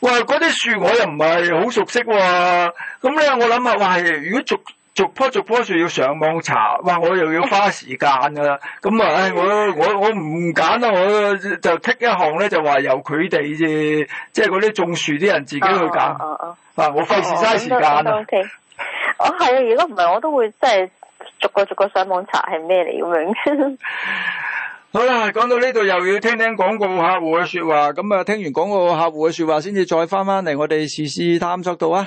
哇！嗰啲樹我又唔係好熟悉喎，咁咧我諗下，哇！如果逐逐樖逐棵樹要上網查，哇！我又要花時間噶啦，咁啊，唉、嗯嗯嗯，我我我唔揀啦，我就剔一行咧，就話由佢哋啫，即係嗰啲種樹啲人自己去揀。啊、哦哦哦、我費事嘥時間啦、啊哦。O K，我係啊，如果唔係我都會即係逐個逐個上網查係咩嚟咁樣。 好啦，講到呢度又要聽聽廣告客戶嘅說話，咁啊聽完廣告客戶嘅說話先至再返返嚟我哋時事探索到啊。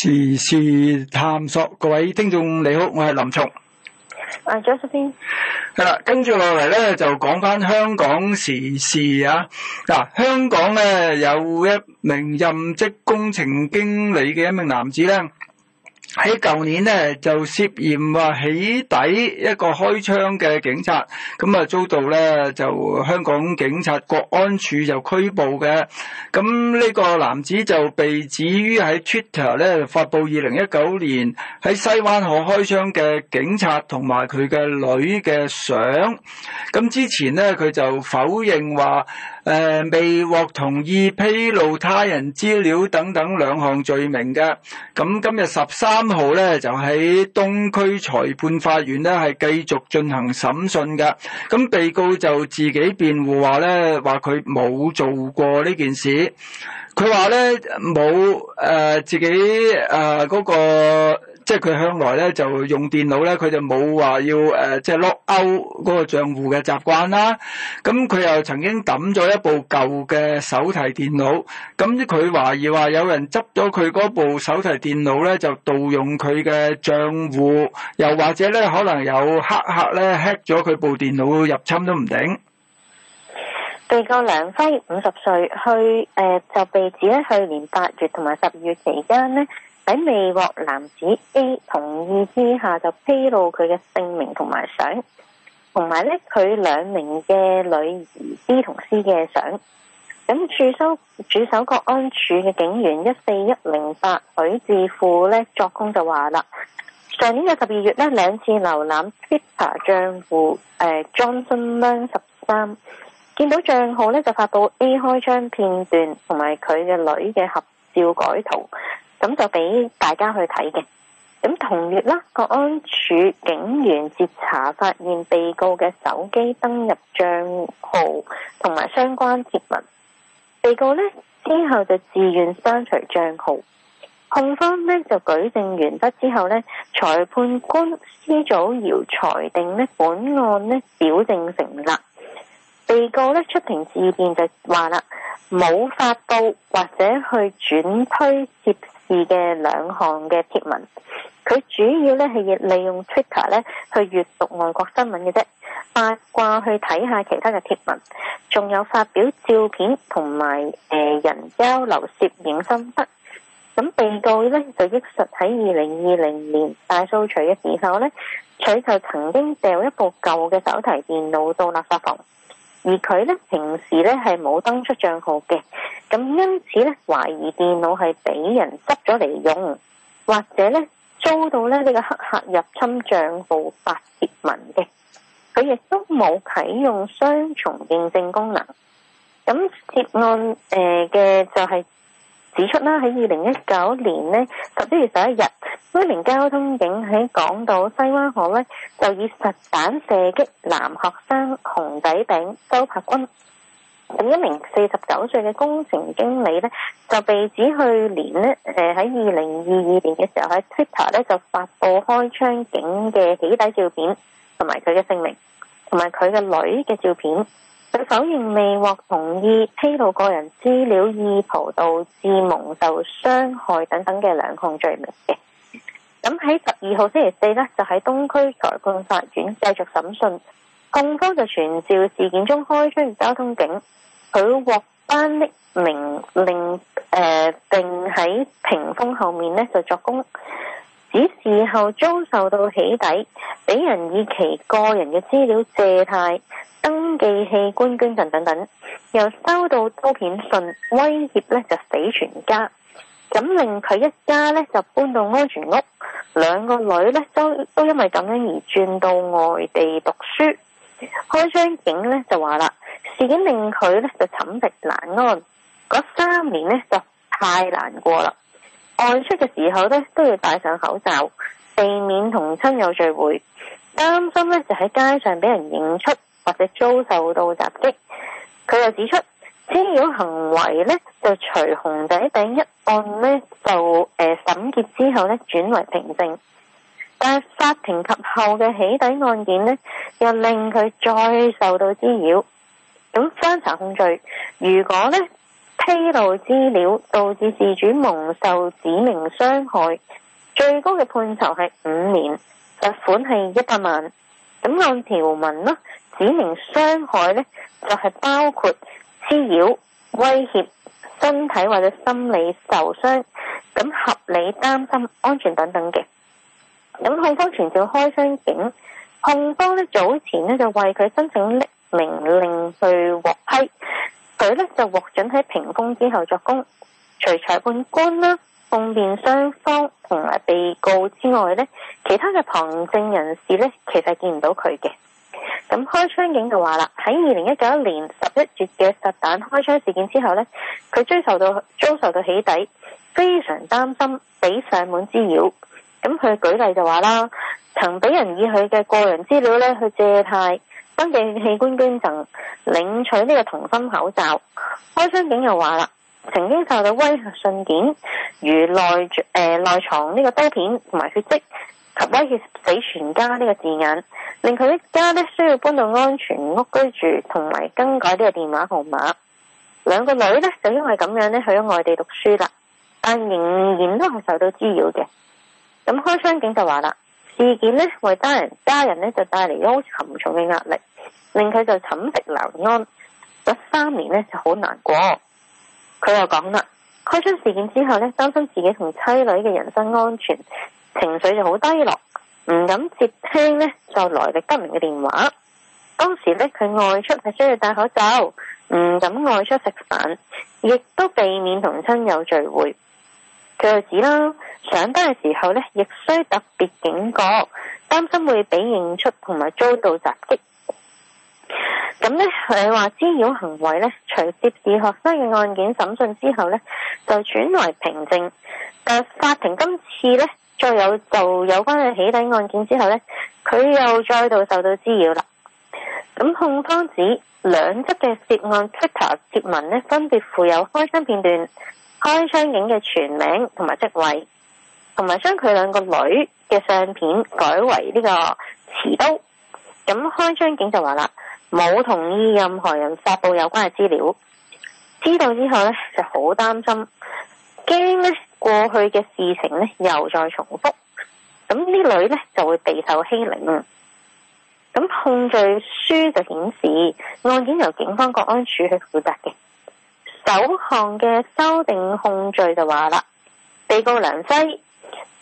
時事探索，各位聽眾你好，我係林松。我係 Josephine。係啦，跟住落嚟咧就講翻香港時事啊！嗱，香港咧有一名任職工程經理嘅一名男子咧。喺舊年咧就涉嫌話起底一個開槍嘅警察，咁啊遭到咧就香港警察國安處就拘捕嘅。咁呢個男子就被指於喺 Twitter 咧發佈二零一九年喺西灣河開槍嘅警察同埋佢嘅女嘅相。咁之前咧佢就否認話。誒、呃，未獲同意披露他人資料等等兩項罪名嘅，咁今日十三號咧就喺東區裁判法院咧係繼續進行審訊嘅，咁被告就自己辯護話咧，話佢冇做過呢件事，佢話咧冇誒自己誒嗰、呃那個。即係佢向來咧就用電腦咧，佢就冇話要誒，即係 lock out 嗰個賬戶嘅習慣啦。咁佢又曾經抌咗一部舊嘅手提電腦。咁佢懷疑話有人執咗佢嗰部手提電腦咧，就盜用佢嘅賬戶，又或者咧可能有黑客咧 hack 咗佢部電腦入侵都唔定。被，被告梁輝五十歲，去誒、呃、就被指喺去年八月同埋十月期間咧。喺未獲男子 A 同意之下，就披露佢嘅姓名同埋相，同埋咧佢兩名嘅女兒 B 同 C 嘅相。咁駐守駐守國安署嘅警員一四一零八許志富咧，作供就話啦：上年嘅十二月咧，兩次瀏覽 Twitter 賬戶誒 Jonathan 十三見到賬號咧就發布 A 開槍片段，同埋佢嘅女嘅合照改圖。咁就俾大家去睇嘅。咁同月啦，國安處警員截查發現被告嘅手機登入賬號同埋相關貼文，被告呢之後就自願刪除賬號。控方呢就舉證完畢之後呢，裁判官司祖堯裁定呢本案呢表證成立。被告咧出庭自辯就話啦，冇發佈或者去轉推涉事嘅兩項嘅貼文。佢主要咧係利用 Twitter 咧去閱讀外國新聞嘅啫，八卦去睇下其他嘅貼文，仲有發表照片同埋誒人交流涉影、攝影心得。咁被告咧就憶述喺二零二零年大掃除嘅時候咧，佢就曾經掉一部舊嘅手提電腦到垃圾房。而佢咧平時咧係冇登出賬號嘅，咁因此咧懷疑電腦係俾人執咗嚟用，或者咧遭到咧呢、呢個黑客入侵賬號發洩文嘅，佢亦都冇啟用雙重認證功能。咁涉案誒嘅、呃、就係、是。指出啦，喺二零一九年咧十一月十一日，一名交通警喺港島西灣河咧就以實彈射擊男學生熊仔炳周柏君，另一名四十九歲嘅工程經理咧就被指去年咧，誒喺二零二二年嘅時候喺 Twitter 咧就發布開槍警嘅起底照片，同埋佢嘅姓名，同埋佢嘅女嘅照片。否認未獲同意披露個人資料，意圖導致蒙受傷害等等嘅兩項罪名嘅。咁喺十二號星期四呢，就喺東區裁判法院繼續審訊，控方就傳召事件中開出嘅交通警，佢獲頒匿名令，誒、呃，並喺屏風後面呢就作供。指事後遭受到起底，俾人以其個人嘅資料借貸、登記器官捐贈等等，又收到刀片信威脅咧就死全家，咁令佢一家咧就搬到安全屋，兩個女咧都都因為咁樣而轉到外地讀書。開槍警咧就話啦，事件令佢咧就寢食難安，嗰三年咧就太難過啦。外出嘅時候咧，都要戴上口罩，避免同親友聚會。擔心咧就喺街上俾人認出，或者遭受到襲擊。佢又指出，滋擾行為咧就隨紅頂頂一案咧就誒審、呃、結之後咧轉為平靜，但係法庭及後嘅起底案件咧又令佢再受到滋擾。咁翻查控罪，如果咧，披露資料導致事主蒙受指明傷害，最高嘅判囚係五年，罰款係一百萬。咁按條文呢指明傷害呢，就係包括滋擾、威脅、身體或者心理受傷，咁合理擔心、安全等等嘅。咁控方傳召開槍警，控方早前就為佢申請匿名令去獲批。佢咧就獲准喺屏風之後作供，除裁判官啦、控辯雙方同埋被告之外咧，其他嘅旁證人士咧，其實係見唔到佢嘅。咁開槍警就話啦，喺二零一九年十一月嘅實彈開槍事件之後咧，佢追受到遭受到起底，非常擔心俾上門滋擾。咁佢舉例就話啦，曾俾人以佢嘅個人資料咧去借貸。登記器官捐贈、領取呢個同心口罩。開槍警又話啦，曾經受到威脅信件，如內誒內藏呢個刀片同埋血跡及威脅死全家呢個字眼，令佢一家咧需要搬到安全屋居住，同埋更改呢個電話號碼。兩個女咧就因為咁樣咧去咗外地讀書啦，但仍然都係受到滋擾嘅。咁開槍警就話啦，事件呢為家人家人咧就帶嚟咗好沉重嘅壓力。令佢就寢食難安，一三年呢就好難過。佢又講啦，開槍事件之後呢，擔心自己同妻女嘅人身安全，情緒就好低落，唔敢接聽呢就來歷不明嘅電話。當時呢，佢外出係需要戴口罩，唔敢外出食飯，亦都避免同親友聚會。佢又指啦，上班嘅時候呢，亦需特別警覺，擔心會俾認出同埋遭到襲擊。咁咧，佢話滋擾行為咧，除涉事學生嘅案件審訊之後咧，就轉為平靜。但法庭今次咧，再有就有關嘅起底案件之後咧，佢又再度受到滋擾啦。咁控方指兩則嘅涉案 Twitter 貼文咧，分別附有開槍片段、開槍警嘅全名同埋職位，同埋將佢兩個女嘅相片改為呢個持刀。咁開槍警就話啦。冇同意任何人發佈有關嘅資料，知道之後咧就好擔心，驚咧過去嘅事情咧又再重複，咁呢女咧就會備受欺凌。咁控罪書就顯示，案件由警方國安處去負責嘅，首項嘅修訂控罪就話啦，被告梁輝，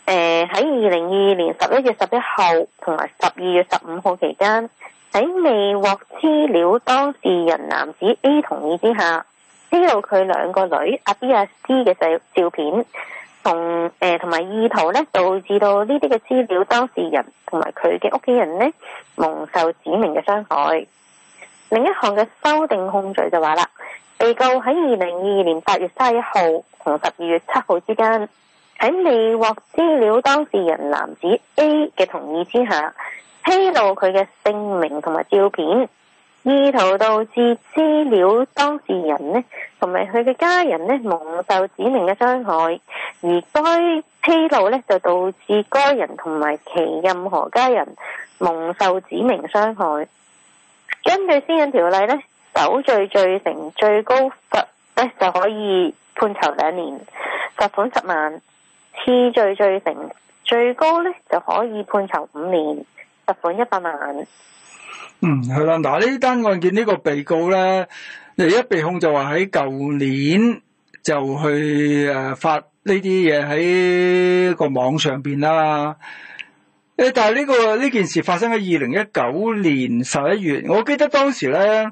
誒喺二零二二年十一月十一號同埋十二月十五號期間喺未獲資料當事人男子 A 同意之下，知道佢兩個女阿 B 阿 C 嘅細照片，同誒同埋意圖咧，導致到呢啲嘅資料當事人同埋佢嘅屋企人呢蒙受指名嘅傷害。另一項嘅修訂控罪就話啦，被告喺二零二二年八月三十一號同十二月七號之間，喺未獲資料當事人男子 A 嘅同意之下，披露佢嘅姓名同埋照片，意圖導致資料當事人咧同埋佢嘅家人咧蒙受指明嘅傷害，而該披露咧就導致該人同埋其任何家人蒙受指明傷害。根據《私隱條例》咧，首罪罪成最高罰咧就可以判囚兩年，罰款十萬；次罪罪成最高咧就可以判囚五年。罰款一百萬。嗯，係啦，嗱呢單案件呢個被告咧，一被控就話喺舊年就去誒發呢啲嘢喺個網上邊啦。誒，但係呢個呢件事發生喺二零一九年十一月，我記得當時咧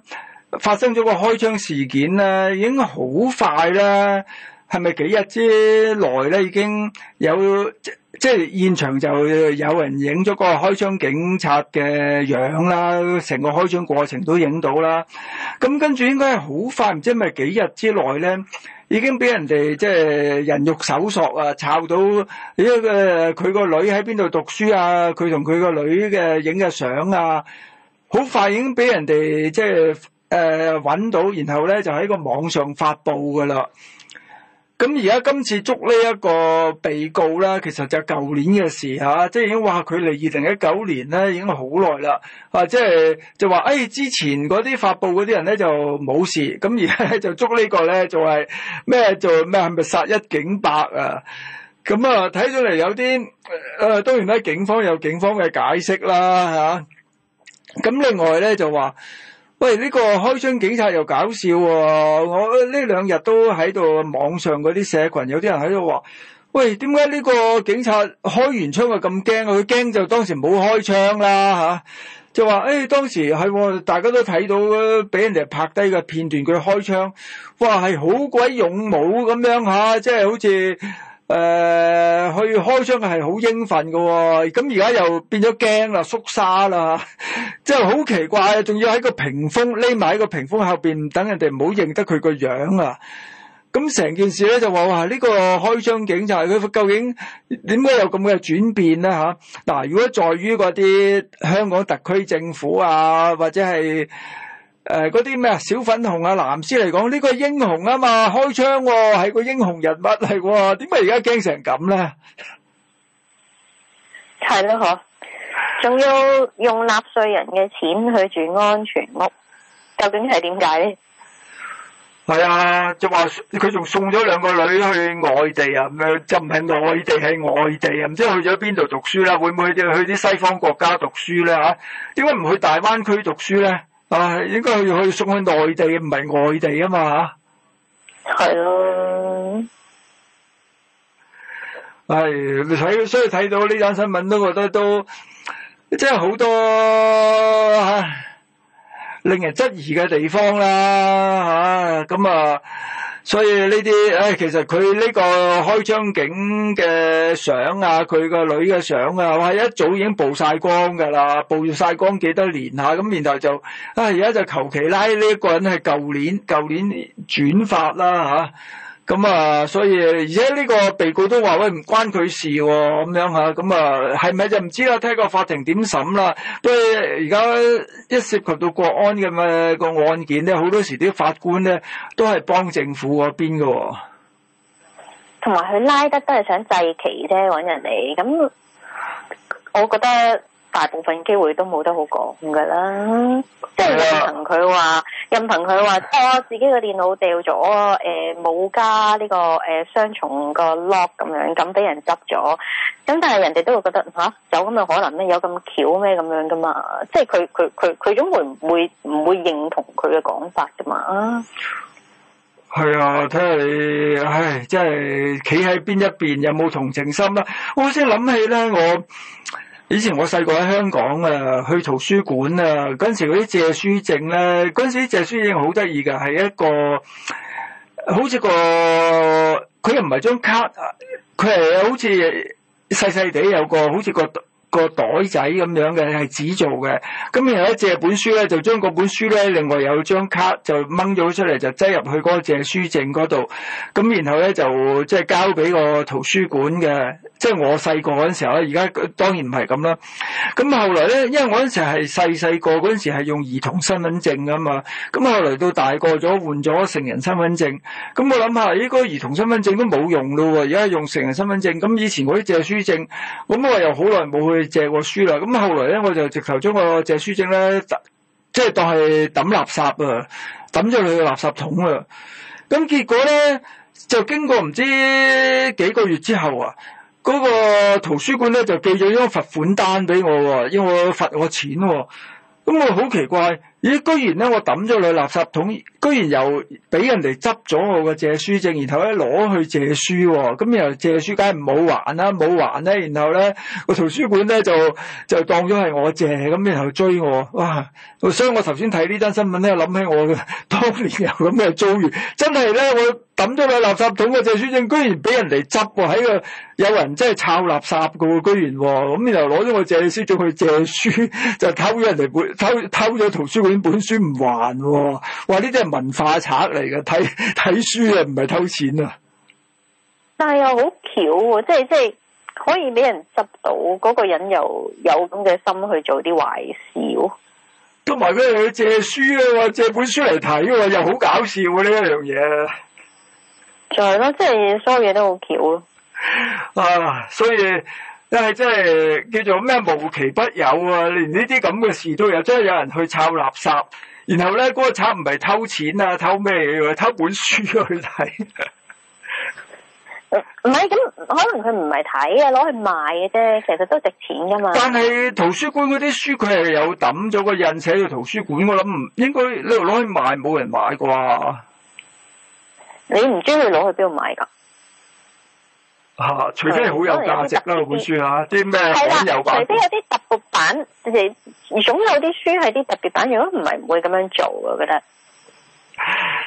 發生咗個開槍事件咧，已經好快咧，係咪幾日之內咧已經有？即係現場就有人影咗個開槍警察嘅樣啦，成個開槍過程都影到啦。咁跟住應該係好快，唔知係咪幾日之內咧，已經俾人哋即係人肉搜索啊，查到呢個佢個女喺邊度讀書啊，佢同佢個女嘅影嘅相啊，好快已經俾人哋即係誒揾到，然後咧就喺個網上發佈㗎啦。咁而家今次捉呢一個被告咧，其實就係舊年嘅事、吓、即係已經話距離二零一九年咧已經好耐啦，或者係就話誒、哎、之前嗰啲發布嗰啲人咧就冇事，咁而家就捉個呢個咧就係、是、咩就咩係咪殺一儆百啊？咁啊睇咗嚟有啲誒、呃、當然咧警方有警方嘅解釋啦咁、吓、另外咧就話。喂，呢個開槍警察又搞笑喎！我呢兩日都喺度網上嗰啲社群，有啲人喺度話，喂，點解呢個警察開完槍又咁驚？佢驚就當時冇開槍啦，吓！就話，誒，當時係，大家都睇到，俾人哋拍低嘅片段，佢開槍，哇，係好鬼勇武咁樣吓，即係好似。誒，去開槍係好英憤噶，咁而家又變咗驚啦，縮沙啦，即係好奇怪，仲要喺個屏風匿埋喺個屏風後邊，等人哋唔好認得佢個樣啊。咁成件事咧就話哇呢個開槍警察，佢究竟點解有咁嘅轉變咧？吓嗱，如果在於嗰啲香港特區政府啊，或者係。誒，嗰啲咩啊，小粉紅啊，藍絲嚟講，呢個係英雄啊嘛，開槍係個英雄人物嚟喎，點解而家驚成咁咧？係咯，嗬，仲要用納稅人嘅錢去住安全屋，究竟係點解咧？係啊，就話佢仲送咗兩個女去外地啊，咩就唔係內地，係外地啊，唔知去咗邊度讀書啦？會唔會去去啲西方國家讀書咧？吓，點解唔去大灣區讀書咧？啊，應該去去送去內地，唔係外地啊嘛？係咯、啊，係睇，所以睇到呢單新聞都覺得都即係好多令人質疑嘅地方啦嚇，咁啊～所以呢啲、哎，其實佢呢個開槍警嘅相啊，佢個女嘅相啊，話係一早已經曝曬光㗎啦，曝曬光幾多年下、啊，咁然後就，啊、哎，而家就求其啦，呢一個人係舊年，舊年轉發啦、啊咁啊，所以而家呢個被告都話喂唔關佢事喎、啊，咁樣吓、啊，咁啊係咪就唔知啦，聽個法庭點審啦。不過而家一涉及到國安嘅咪個案件咧，好多時啲法官咧都係幫政府嗰邊噶。同埋佢拉得都係想祭旗啫，搵人嚟。咁，我覺得。大部分機會都冇得好講噶啦，即係任憑佢話、啊，任憑佢話，哦，自己個電腦掉咗，誒、呃，冇加呢、這個誒、呃、雙重個 lock 咁樣，咁俾人執咗，咁但係人哋都會覺得吓，有咁嘅可能咩？有咁巧咩？咁樣噶嘛？即係佢佢佢佢總會唔會唔會認同佢嘅講法噶嘛？係啊，睇下，你，唉，即係企喺邊一邊，有冇同情心啦？我先諗起咧，我。以前我細個喺香港啊，去圖書館啊，嗰陣時嗰啲借書證咧，嗰陣時借書證好得意㗎，係一個好似個，佢又唔係張卡，佢係好似細細地有個好似個。個袋仔咁樣嘅，係紙做嘅。咁然後咧，借本書咧就將嗰本書咧另外有張卡就掹咗出嚟，就擠入去嗰個借書證嗰度，咁然後咧就即係交俾個圖書館嘅，即係我細個嗰陣時候咧，而家當然唔係咁啦。咁後來咧，因為我嗰時係細細個嗰陣時係用兒童身份證噶嘛，咁後來到大個咗換咗成人身份證，咁我諗下，呢個兒童身份證都冇用咯，而家用成人身份證，咁以前嗰啲借書證，咁我又好耐冇去。去借過書啦，咁後來咧我就直頭將個借書證咧，即係當係抌垃圾啊，抌咗去垃圾桶啊，咁結果咧就經過唔知幾個月之後啊，嗰個圖書館咧就寄咗張罰款單俾我，要我罰我錢，咁我好奇怪。咦！居然咧，我抌咗落垃圾桶，居然又俾人哋執咗我嘅借書證，然後咧攞去借書喎。咁然後借書梗係唔好還啦，冇還咧。然後咧個圖書館咧就就當咗係我借，咁然後追我。哇！所以我頭先睇呢單新聞咧，諗起我嘅當年有咁嘅遭遇，真係咧我。抌咗落垃圾桶嘅借書證，居然俾人嚟執喎！喺、哎、個有人真係抄垃圾嘅喎、啊，居然咁、啊，然後攞咗個借書證去借書，就偷人哋本偷偷咗圖書館本書唔還、啊，話呢啲係文化賊嚟嘅，睇睇書啊唔係偷錢啊！但係又好巧、啊，即係即係可以俾人執到，嗰、那個人又有咁嘅心去做啲壞事喎、啊。同埋佢去借書啊，借本書嚟睇、啊、又好搞笑呢、啊、一樣嘢。就係咯，即係所有嘢都好巧咯、啊。啊，啊，所以一係真係叫做咩無奇不有啊！連呢啲咁嘅事都有，真係有人去抄垃圾，然後咧嗰、那個賊唔係偷錢啊，偷咩偷本書去睇。唔係咁，可能佢唔係睇啊。攞去賣嘅啫。其實都值錢噶嘛。但係圖書館嗰啲書，佢係有抌咗個印，寫去圖書館。我諗唔應該呢度攞去賣，冇人買啩。你唔中意攞去邊度買噶？吓、啊，除非係好有價值啦本書吓、啊，啲咩、啊、有啲有除非有啲特別版，你總有啲書係啲特別版，如果唔係唔會咁樣做嘅，我覺得。唉，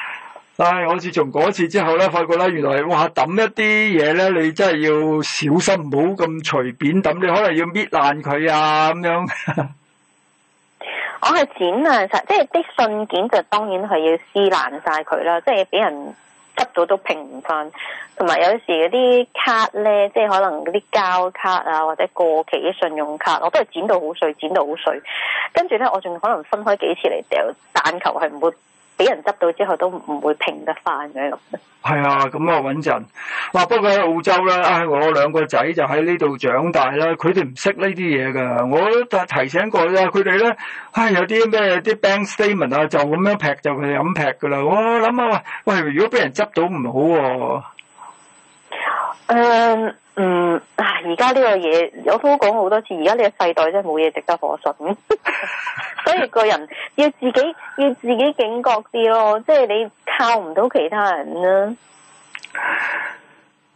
但係我自從嗰次之後咧，發覺咧原來哇抌一啲嘢咧，你真係要小心，唔好咁隨便抌。你可能要搣爛佢啊咁樣。 我係剪爛晒，即係啲信件就當然係要撕爛晒佢啦，即係俾人。執到都拼唔翻，同埋有，有時嗰啲卡咧，即係可能嗰啲膠卡啊，或者過期信用卡，我都係剪到好碎，剪到好碎，跟住咧，我仲可能分開幾次嚟掉，但求係唔會。俾人執到之後都唔會停得翻嘅咁。係啊，咁啊穩陣。嗱，不過喺澳洲咧，哎，我兩個仔就喺呢度長大啦，佢哋唔識呢啲嘢噶。我都提醒過啦，佢哋咧，唉，哎，有啲咩啲 bank statement 啊，就咁樣劈就係咁劈噶啦。我諗下，喂，如果俾人執到唔好喎，啊。Um, 嗯，啊！而家呢個嘢，我都講好多次，而家呢個世代真係冇嘢值得可信呵呵，所以個人要自己要自己警覺啲咯，即係你靠唔到其他人啦。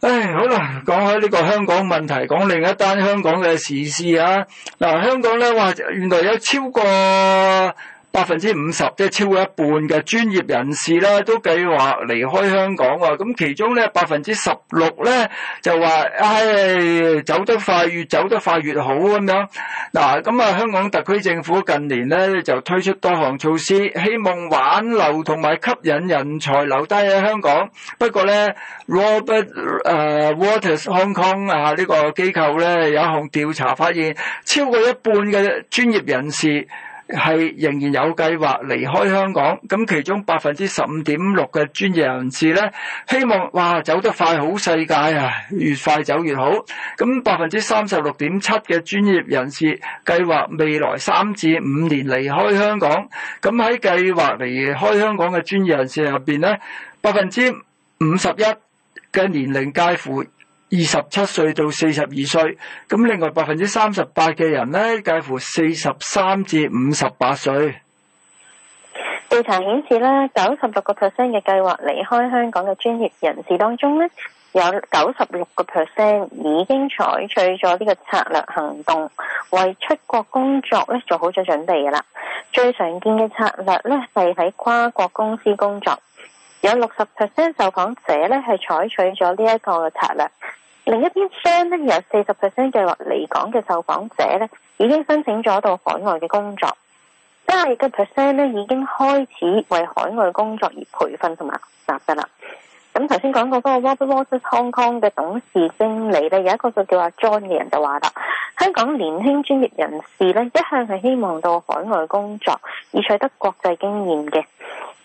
唉，好啦，講開呢個香港問題，講另一單香港嘅時事啊！嗱，香港咧話原來有超過。百分之五十，即係超過一半嘅專業人士啦，都計劃離開香港喎，啊。咁其中咧，百分之十六咧就話，唉、哎，走得快，越走得快越好咁樣。嗱、啊，咁啊，香港特區政府近年咧就推出多項措施，希望挽留同埋吸引人才留低喺香港。不過咧，Robert、uh, Waters Hong Kong 啊呢、這個機構咧有一項調查發現，超過一半嘅專業人士。係仍然有計劃離開香港，咁其中百分之十五點六嘅專業人士呢，希望哇走得快好世界啊，越快走越好。咁百分之三十六點七嘅專業人士計劃未來三至五年離開香港。咁喺計劃離開香港嘅專業人士入邊呢，百分之五十一嘅年齡介乎。二十七歲到四十二歲，咁另外百分之三十八嘅人呢，介乎四十三至五十八歲。調查顯示咧，九十六個 percent 嘅計劃離開香港嘅專業人士當中呢，有九十六個 percent 已經採取咗呢個策略行動，為出國工作咧做好咗準備㗎喇。最常見嘅策略咧係喺跨國公司工作，有六十 percent 受訪者咧係採取咗呢一個嘅策略。另一邊廂咧，有四十 percent 計劃離港嘅受訪者咧，已經申請咗到海外嘅工作，即係嘅 percent 咧已經開始為海外工作而培訓同埋學習嘅啦。咁頭先講過嗰個 Robert Walters Hong Kong 嘅董事經理咧，有一個就叫阿 John 嘅人就話啦，香港年輕專業人士咧一向係希望到海外工作，以取得國際經驗嘅。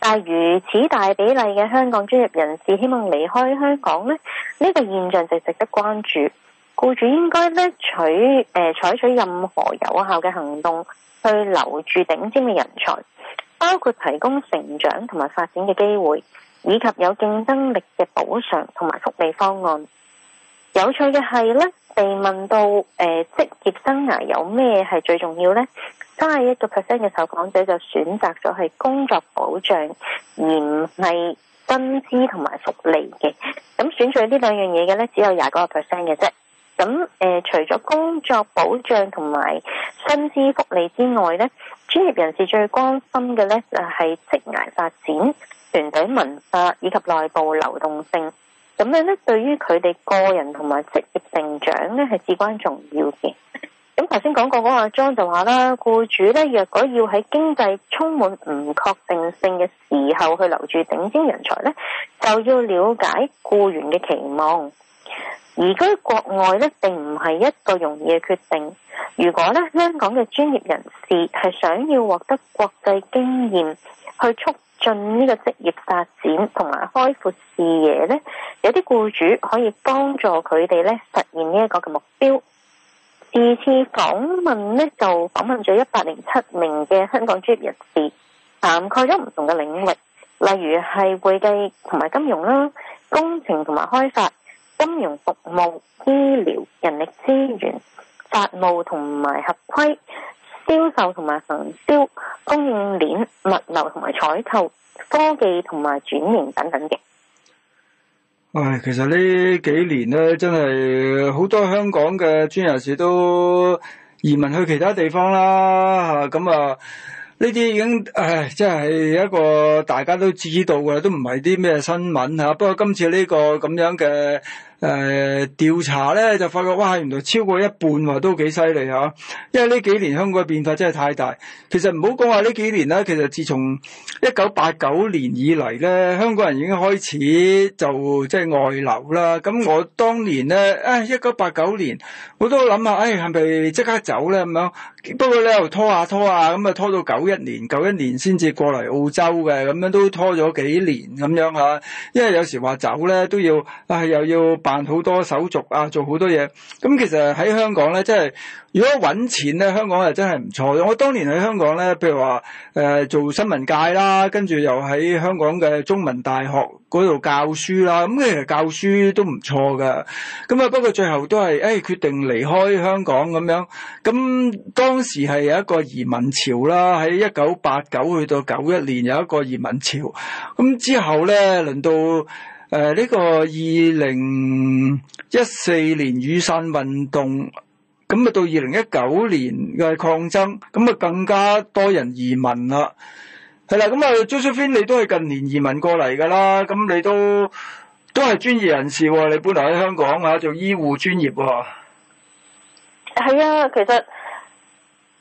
但如此大比例嘅香港專業人士希望離開香港呢，呢、呢個現象就值得關注。僱主應該咧取誒採取任何有效嘅行動去留住頂尖嘅人才，包括提供成長同埋發展嘅機會，以及有競爭力嘅補償同埋福利方案。有趣嘅係咧，被問到誒呃、職業生涯有咩係最重要咧，卅一個 percent 嘅受訪者就選擇咗係工作保障，而唔係薪資同埋福利嘅。咁選取呢兩樣嘢嘅咧，只有廿九個 percent 嘅啫。咁誒、呃，除咗工作保障同埋薪資福利之外咧，專業人士最關心嘅咧就係職涯發展、團隊文化以及內部流動性。咁樣咧，對於佢哋個人同埋職業成長咧，係至關重要嘅。咁頭先講過嗰個阿莊就話啦，僱主咧，若果要喺經濟充滿唔確定性嘅時候去留住頂尖人才咧，就要了解僱員嘅期望。移居國外咧，並唔係一個容易嘅決定。如果咧，香港嘅專業人士係想要獲得國際經驗，去促進呢個職業發展同埋開闊視野呢，有啲僱主可以幫助佢哋呢實現呢一個嘅目標。二次訪問呢，就訪問咗一百零七名嘅香港專業人士，涵蓋咗唔同嘅領域，例如係會計同埋金融啦、工程同埋開發、金融服務、醫療、人力資源、法務同埋合規、銷售同埋行銷。供應鏈、物流同埋採購、科技同埋轉型等等嘅。唉、哎，其實呢幾年咧，真係好多香港嘅專業人士都移民去其他地方啦。吓，咁啊，呢、啊、啲已經唉，即、哎、係一個大家都知道嘅，都唔係啲咩新聞吓、啊。不過今次呢、這個咁樣嘅。誒、呃，調查咧就發覺，哇，原來超過一半喎，都幾犀利嚇。因為呢幾年香港嘅變化真係太大。其實唔好講話呢幾年啦，其實自從一九八九年以嚟咧，香港人已經開始就即係、就是、外流啦。咁我當年咧，啊、哎，一九八九年我都諗下，誒、哎，係咪即刻走咧咁樣？不過咧又拖下拖下，咁啊拖到九一年，九一年先至過嚟澳洲嘅，咁樣都拖咗幾年咁樣嚇。因為有時話走咧都要，啊、哎，又要。辦好多手續啊，做好多嘢。咁其實喺香港咧，即係如果揾錢咧，香港係真係唔錯嘅。我當年喺香港咧，譬如話誒、呃、做新聞界啦，跟住又喺香港嘅中文大學嗰度教書啦。咁、嗯、其實教書都唔錯嘅。咁啊，不過最後都係誒、哎、決定離開香港咁樣。咁當時係有一個移民潮啦，喺一九八九去到九一年有一個移民潮。咁之後咧，輪到。誒、呃，呢、這個二零一四年雨傘運動，咁啊到二零一九年嘅抗爭，咁啊更加多人移民了啦。係、呃、啦，咁啊 Josephine 你都係近年移民過嚟噶啦，咁你都都係專業人士喎，你本來喺香港啊，做醫護專業喎。係啊，其實。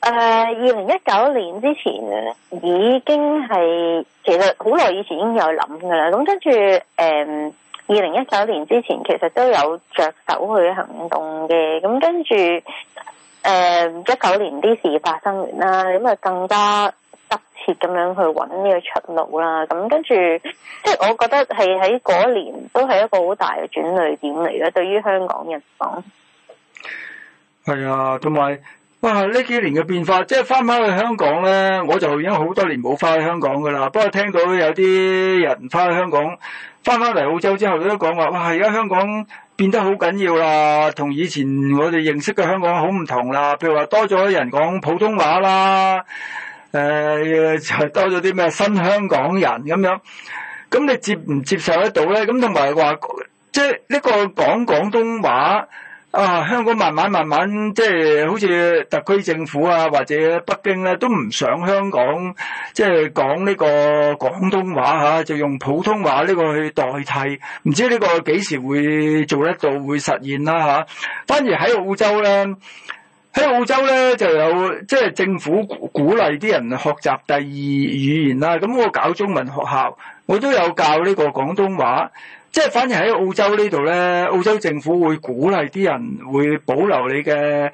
誒，二零一九年之前已經係其實好耐以前已經有諗噶啦，咁跟住誒，二零一九年之前其實都有着手去行動嘅，咁跟住誒一九年啲事發生完啦，咁啊更加急切咁樣去搵呢個出路啦，咁跟住即係我覺得係喺嗰年都係一個好大嘅轉捩點嚟嘅。對於香港人講係啊，同埋。哇！呢幾年嘅變化，即係翻返去香港咧，我就已經好多年冇翻去香港㗎喇。不過聽到有啲人翻去香港，翻返嚟澳洲之後都說，都講話哇！而家香港變得好緊要啦，同以前我哋認識嘅香港好唔同啦。譬如話多咗人講普通話啦，誒、呃，多咗啲咩新香港人咁樣。咁你接唔接受得到咧？咁同埋話，即係呢個講廣東話。啊！香港慢慢慢慢，即係好似特區政府啊，或者北京咧，都唔想香港即係講呢個廣東話嚇，就用普通話呢個去代替。唔知呢個幾時會做得到，會實現啦嚇。反而喺澳洲咧，喺澳洲咧就有即係政府鼓勵啲人學習第二語言啦。咁我搞中文學校，我都有教呢個廣東話。即係反而喺澳洲呢度咧，澳洲政府會鼓勵啲人會保留你嘅。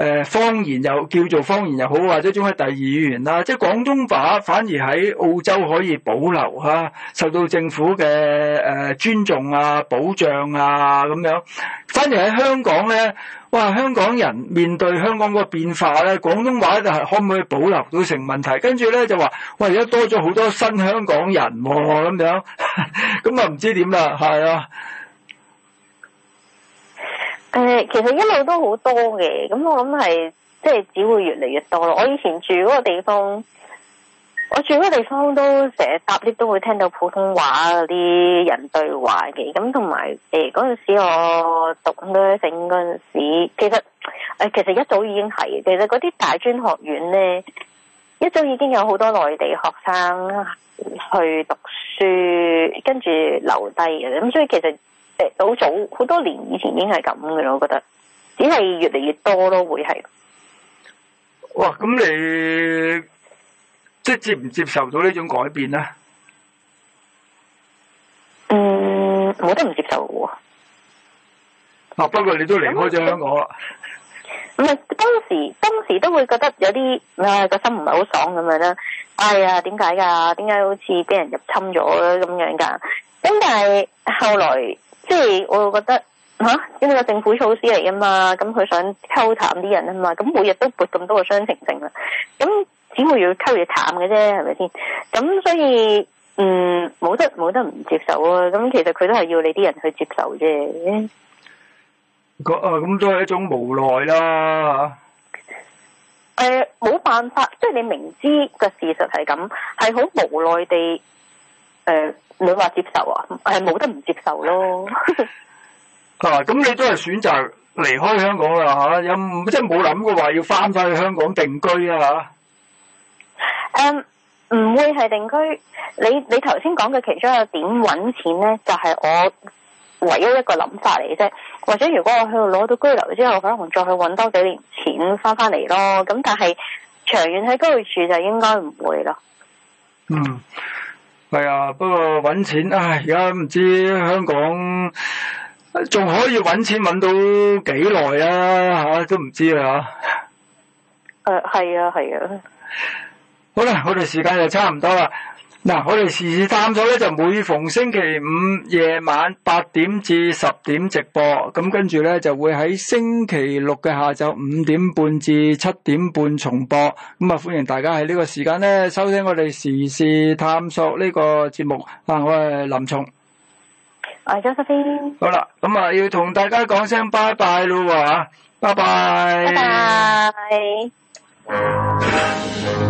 誒方言又叫做方言又好，或者仲係第二語言啦，即係廣東話反而喺澳洲可以保留嚇，受到政府嘅誒尊重啊、保障啊咁樣。反而喺香港咧，哇！香港人面對香港個變化咧，廣東話就係可唔可以保留都成問題。跟住咧就話，哇！而家多咗好多新香港人喎，咁樣咁啊唔知點啦，係啊。誒、呃，其實一路都好多嘅，咁我諗係即係只會越嚟越多咯。我以前住嗰個地方，我住嗰個地方都成日搭 lift 都會聽到普通話嗰啲人對話嘅，咁同埋誒嗰陣時我讀 nursing 嗰陣時，其實誒、呃、其實一早已經係，其實嗰啲大專學院咧一早已經有好多內地學生去讀書，跟住留低嘅，咁所以其實。好早好多年以前已經係咁嘅啦，我覺得，只係越嚟越多咯，會係。哇，咁你即係接唔接受到呢種改變咧？嗯，我都唔接受嘅喎。啊，不過你都離開咗香港啦。唔、嗯、係、嗯、當時，當時都會覺得有啲啊，個心唔係好爽咁樣啦。哎呀，點解噶？點解好似俾人入侵咗咁樣噶？咁但係後來。即係，我又覺得吓、啊，因為個政府措施嚟啊嘛，咁佢想溝淡啲人啊嘛，咁每日都撥咁多個雙程證啦，咁只會要溝嘢淡嘅啫，係咪先？咁所以，嗯，冇得冇得唔接受啊！咁其實佢都係要你啲人去接受啫。個啊，咁都係一種無奈啦，誒、呃，冇辦法，即係你明知個事實係咁，係好無奈地。誒、呃，你話接受啊？係冇得唔接受咯 啊。啊，咁你都係選擇離開香港啦吓，有即係冇諗過話要翻返去香港定居啊吓。嗯，唔會係定居。你你頭先講嘅其中一個點搵錢咧，就係、是、我唯一一個諗法嚟嘅啫。或者如果我去攞到居留之後，我可能再去搵多幾年錢翻翻嚟咯。咁但係長遠喺嗰度住就應該唔會咯。嗯。係啊，不過搵錢啊，哎，而家唔知香港仲可以搵錢搵到幾耐啊，吓都唔知啦吓。誒，係啊，係啊。好啦，我哋時間就差唔多啦。嗱、啊，我哋時事探索咧，就每逢星期五夜晚八點至十點直播，咁跟住咧，就會喺星期六嘅下晝五點半至七點半重播，咁啊歡迎大家喺呢個時間咧，收聽我哋時事探索呢個節目。啊，我係林松。係 Josephine。好啦，咁啊要同大家講聲拜拜啦喎，拜拜。拜拜。拜拜拜拜。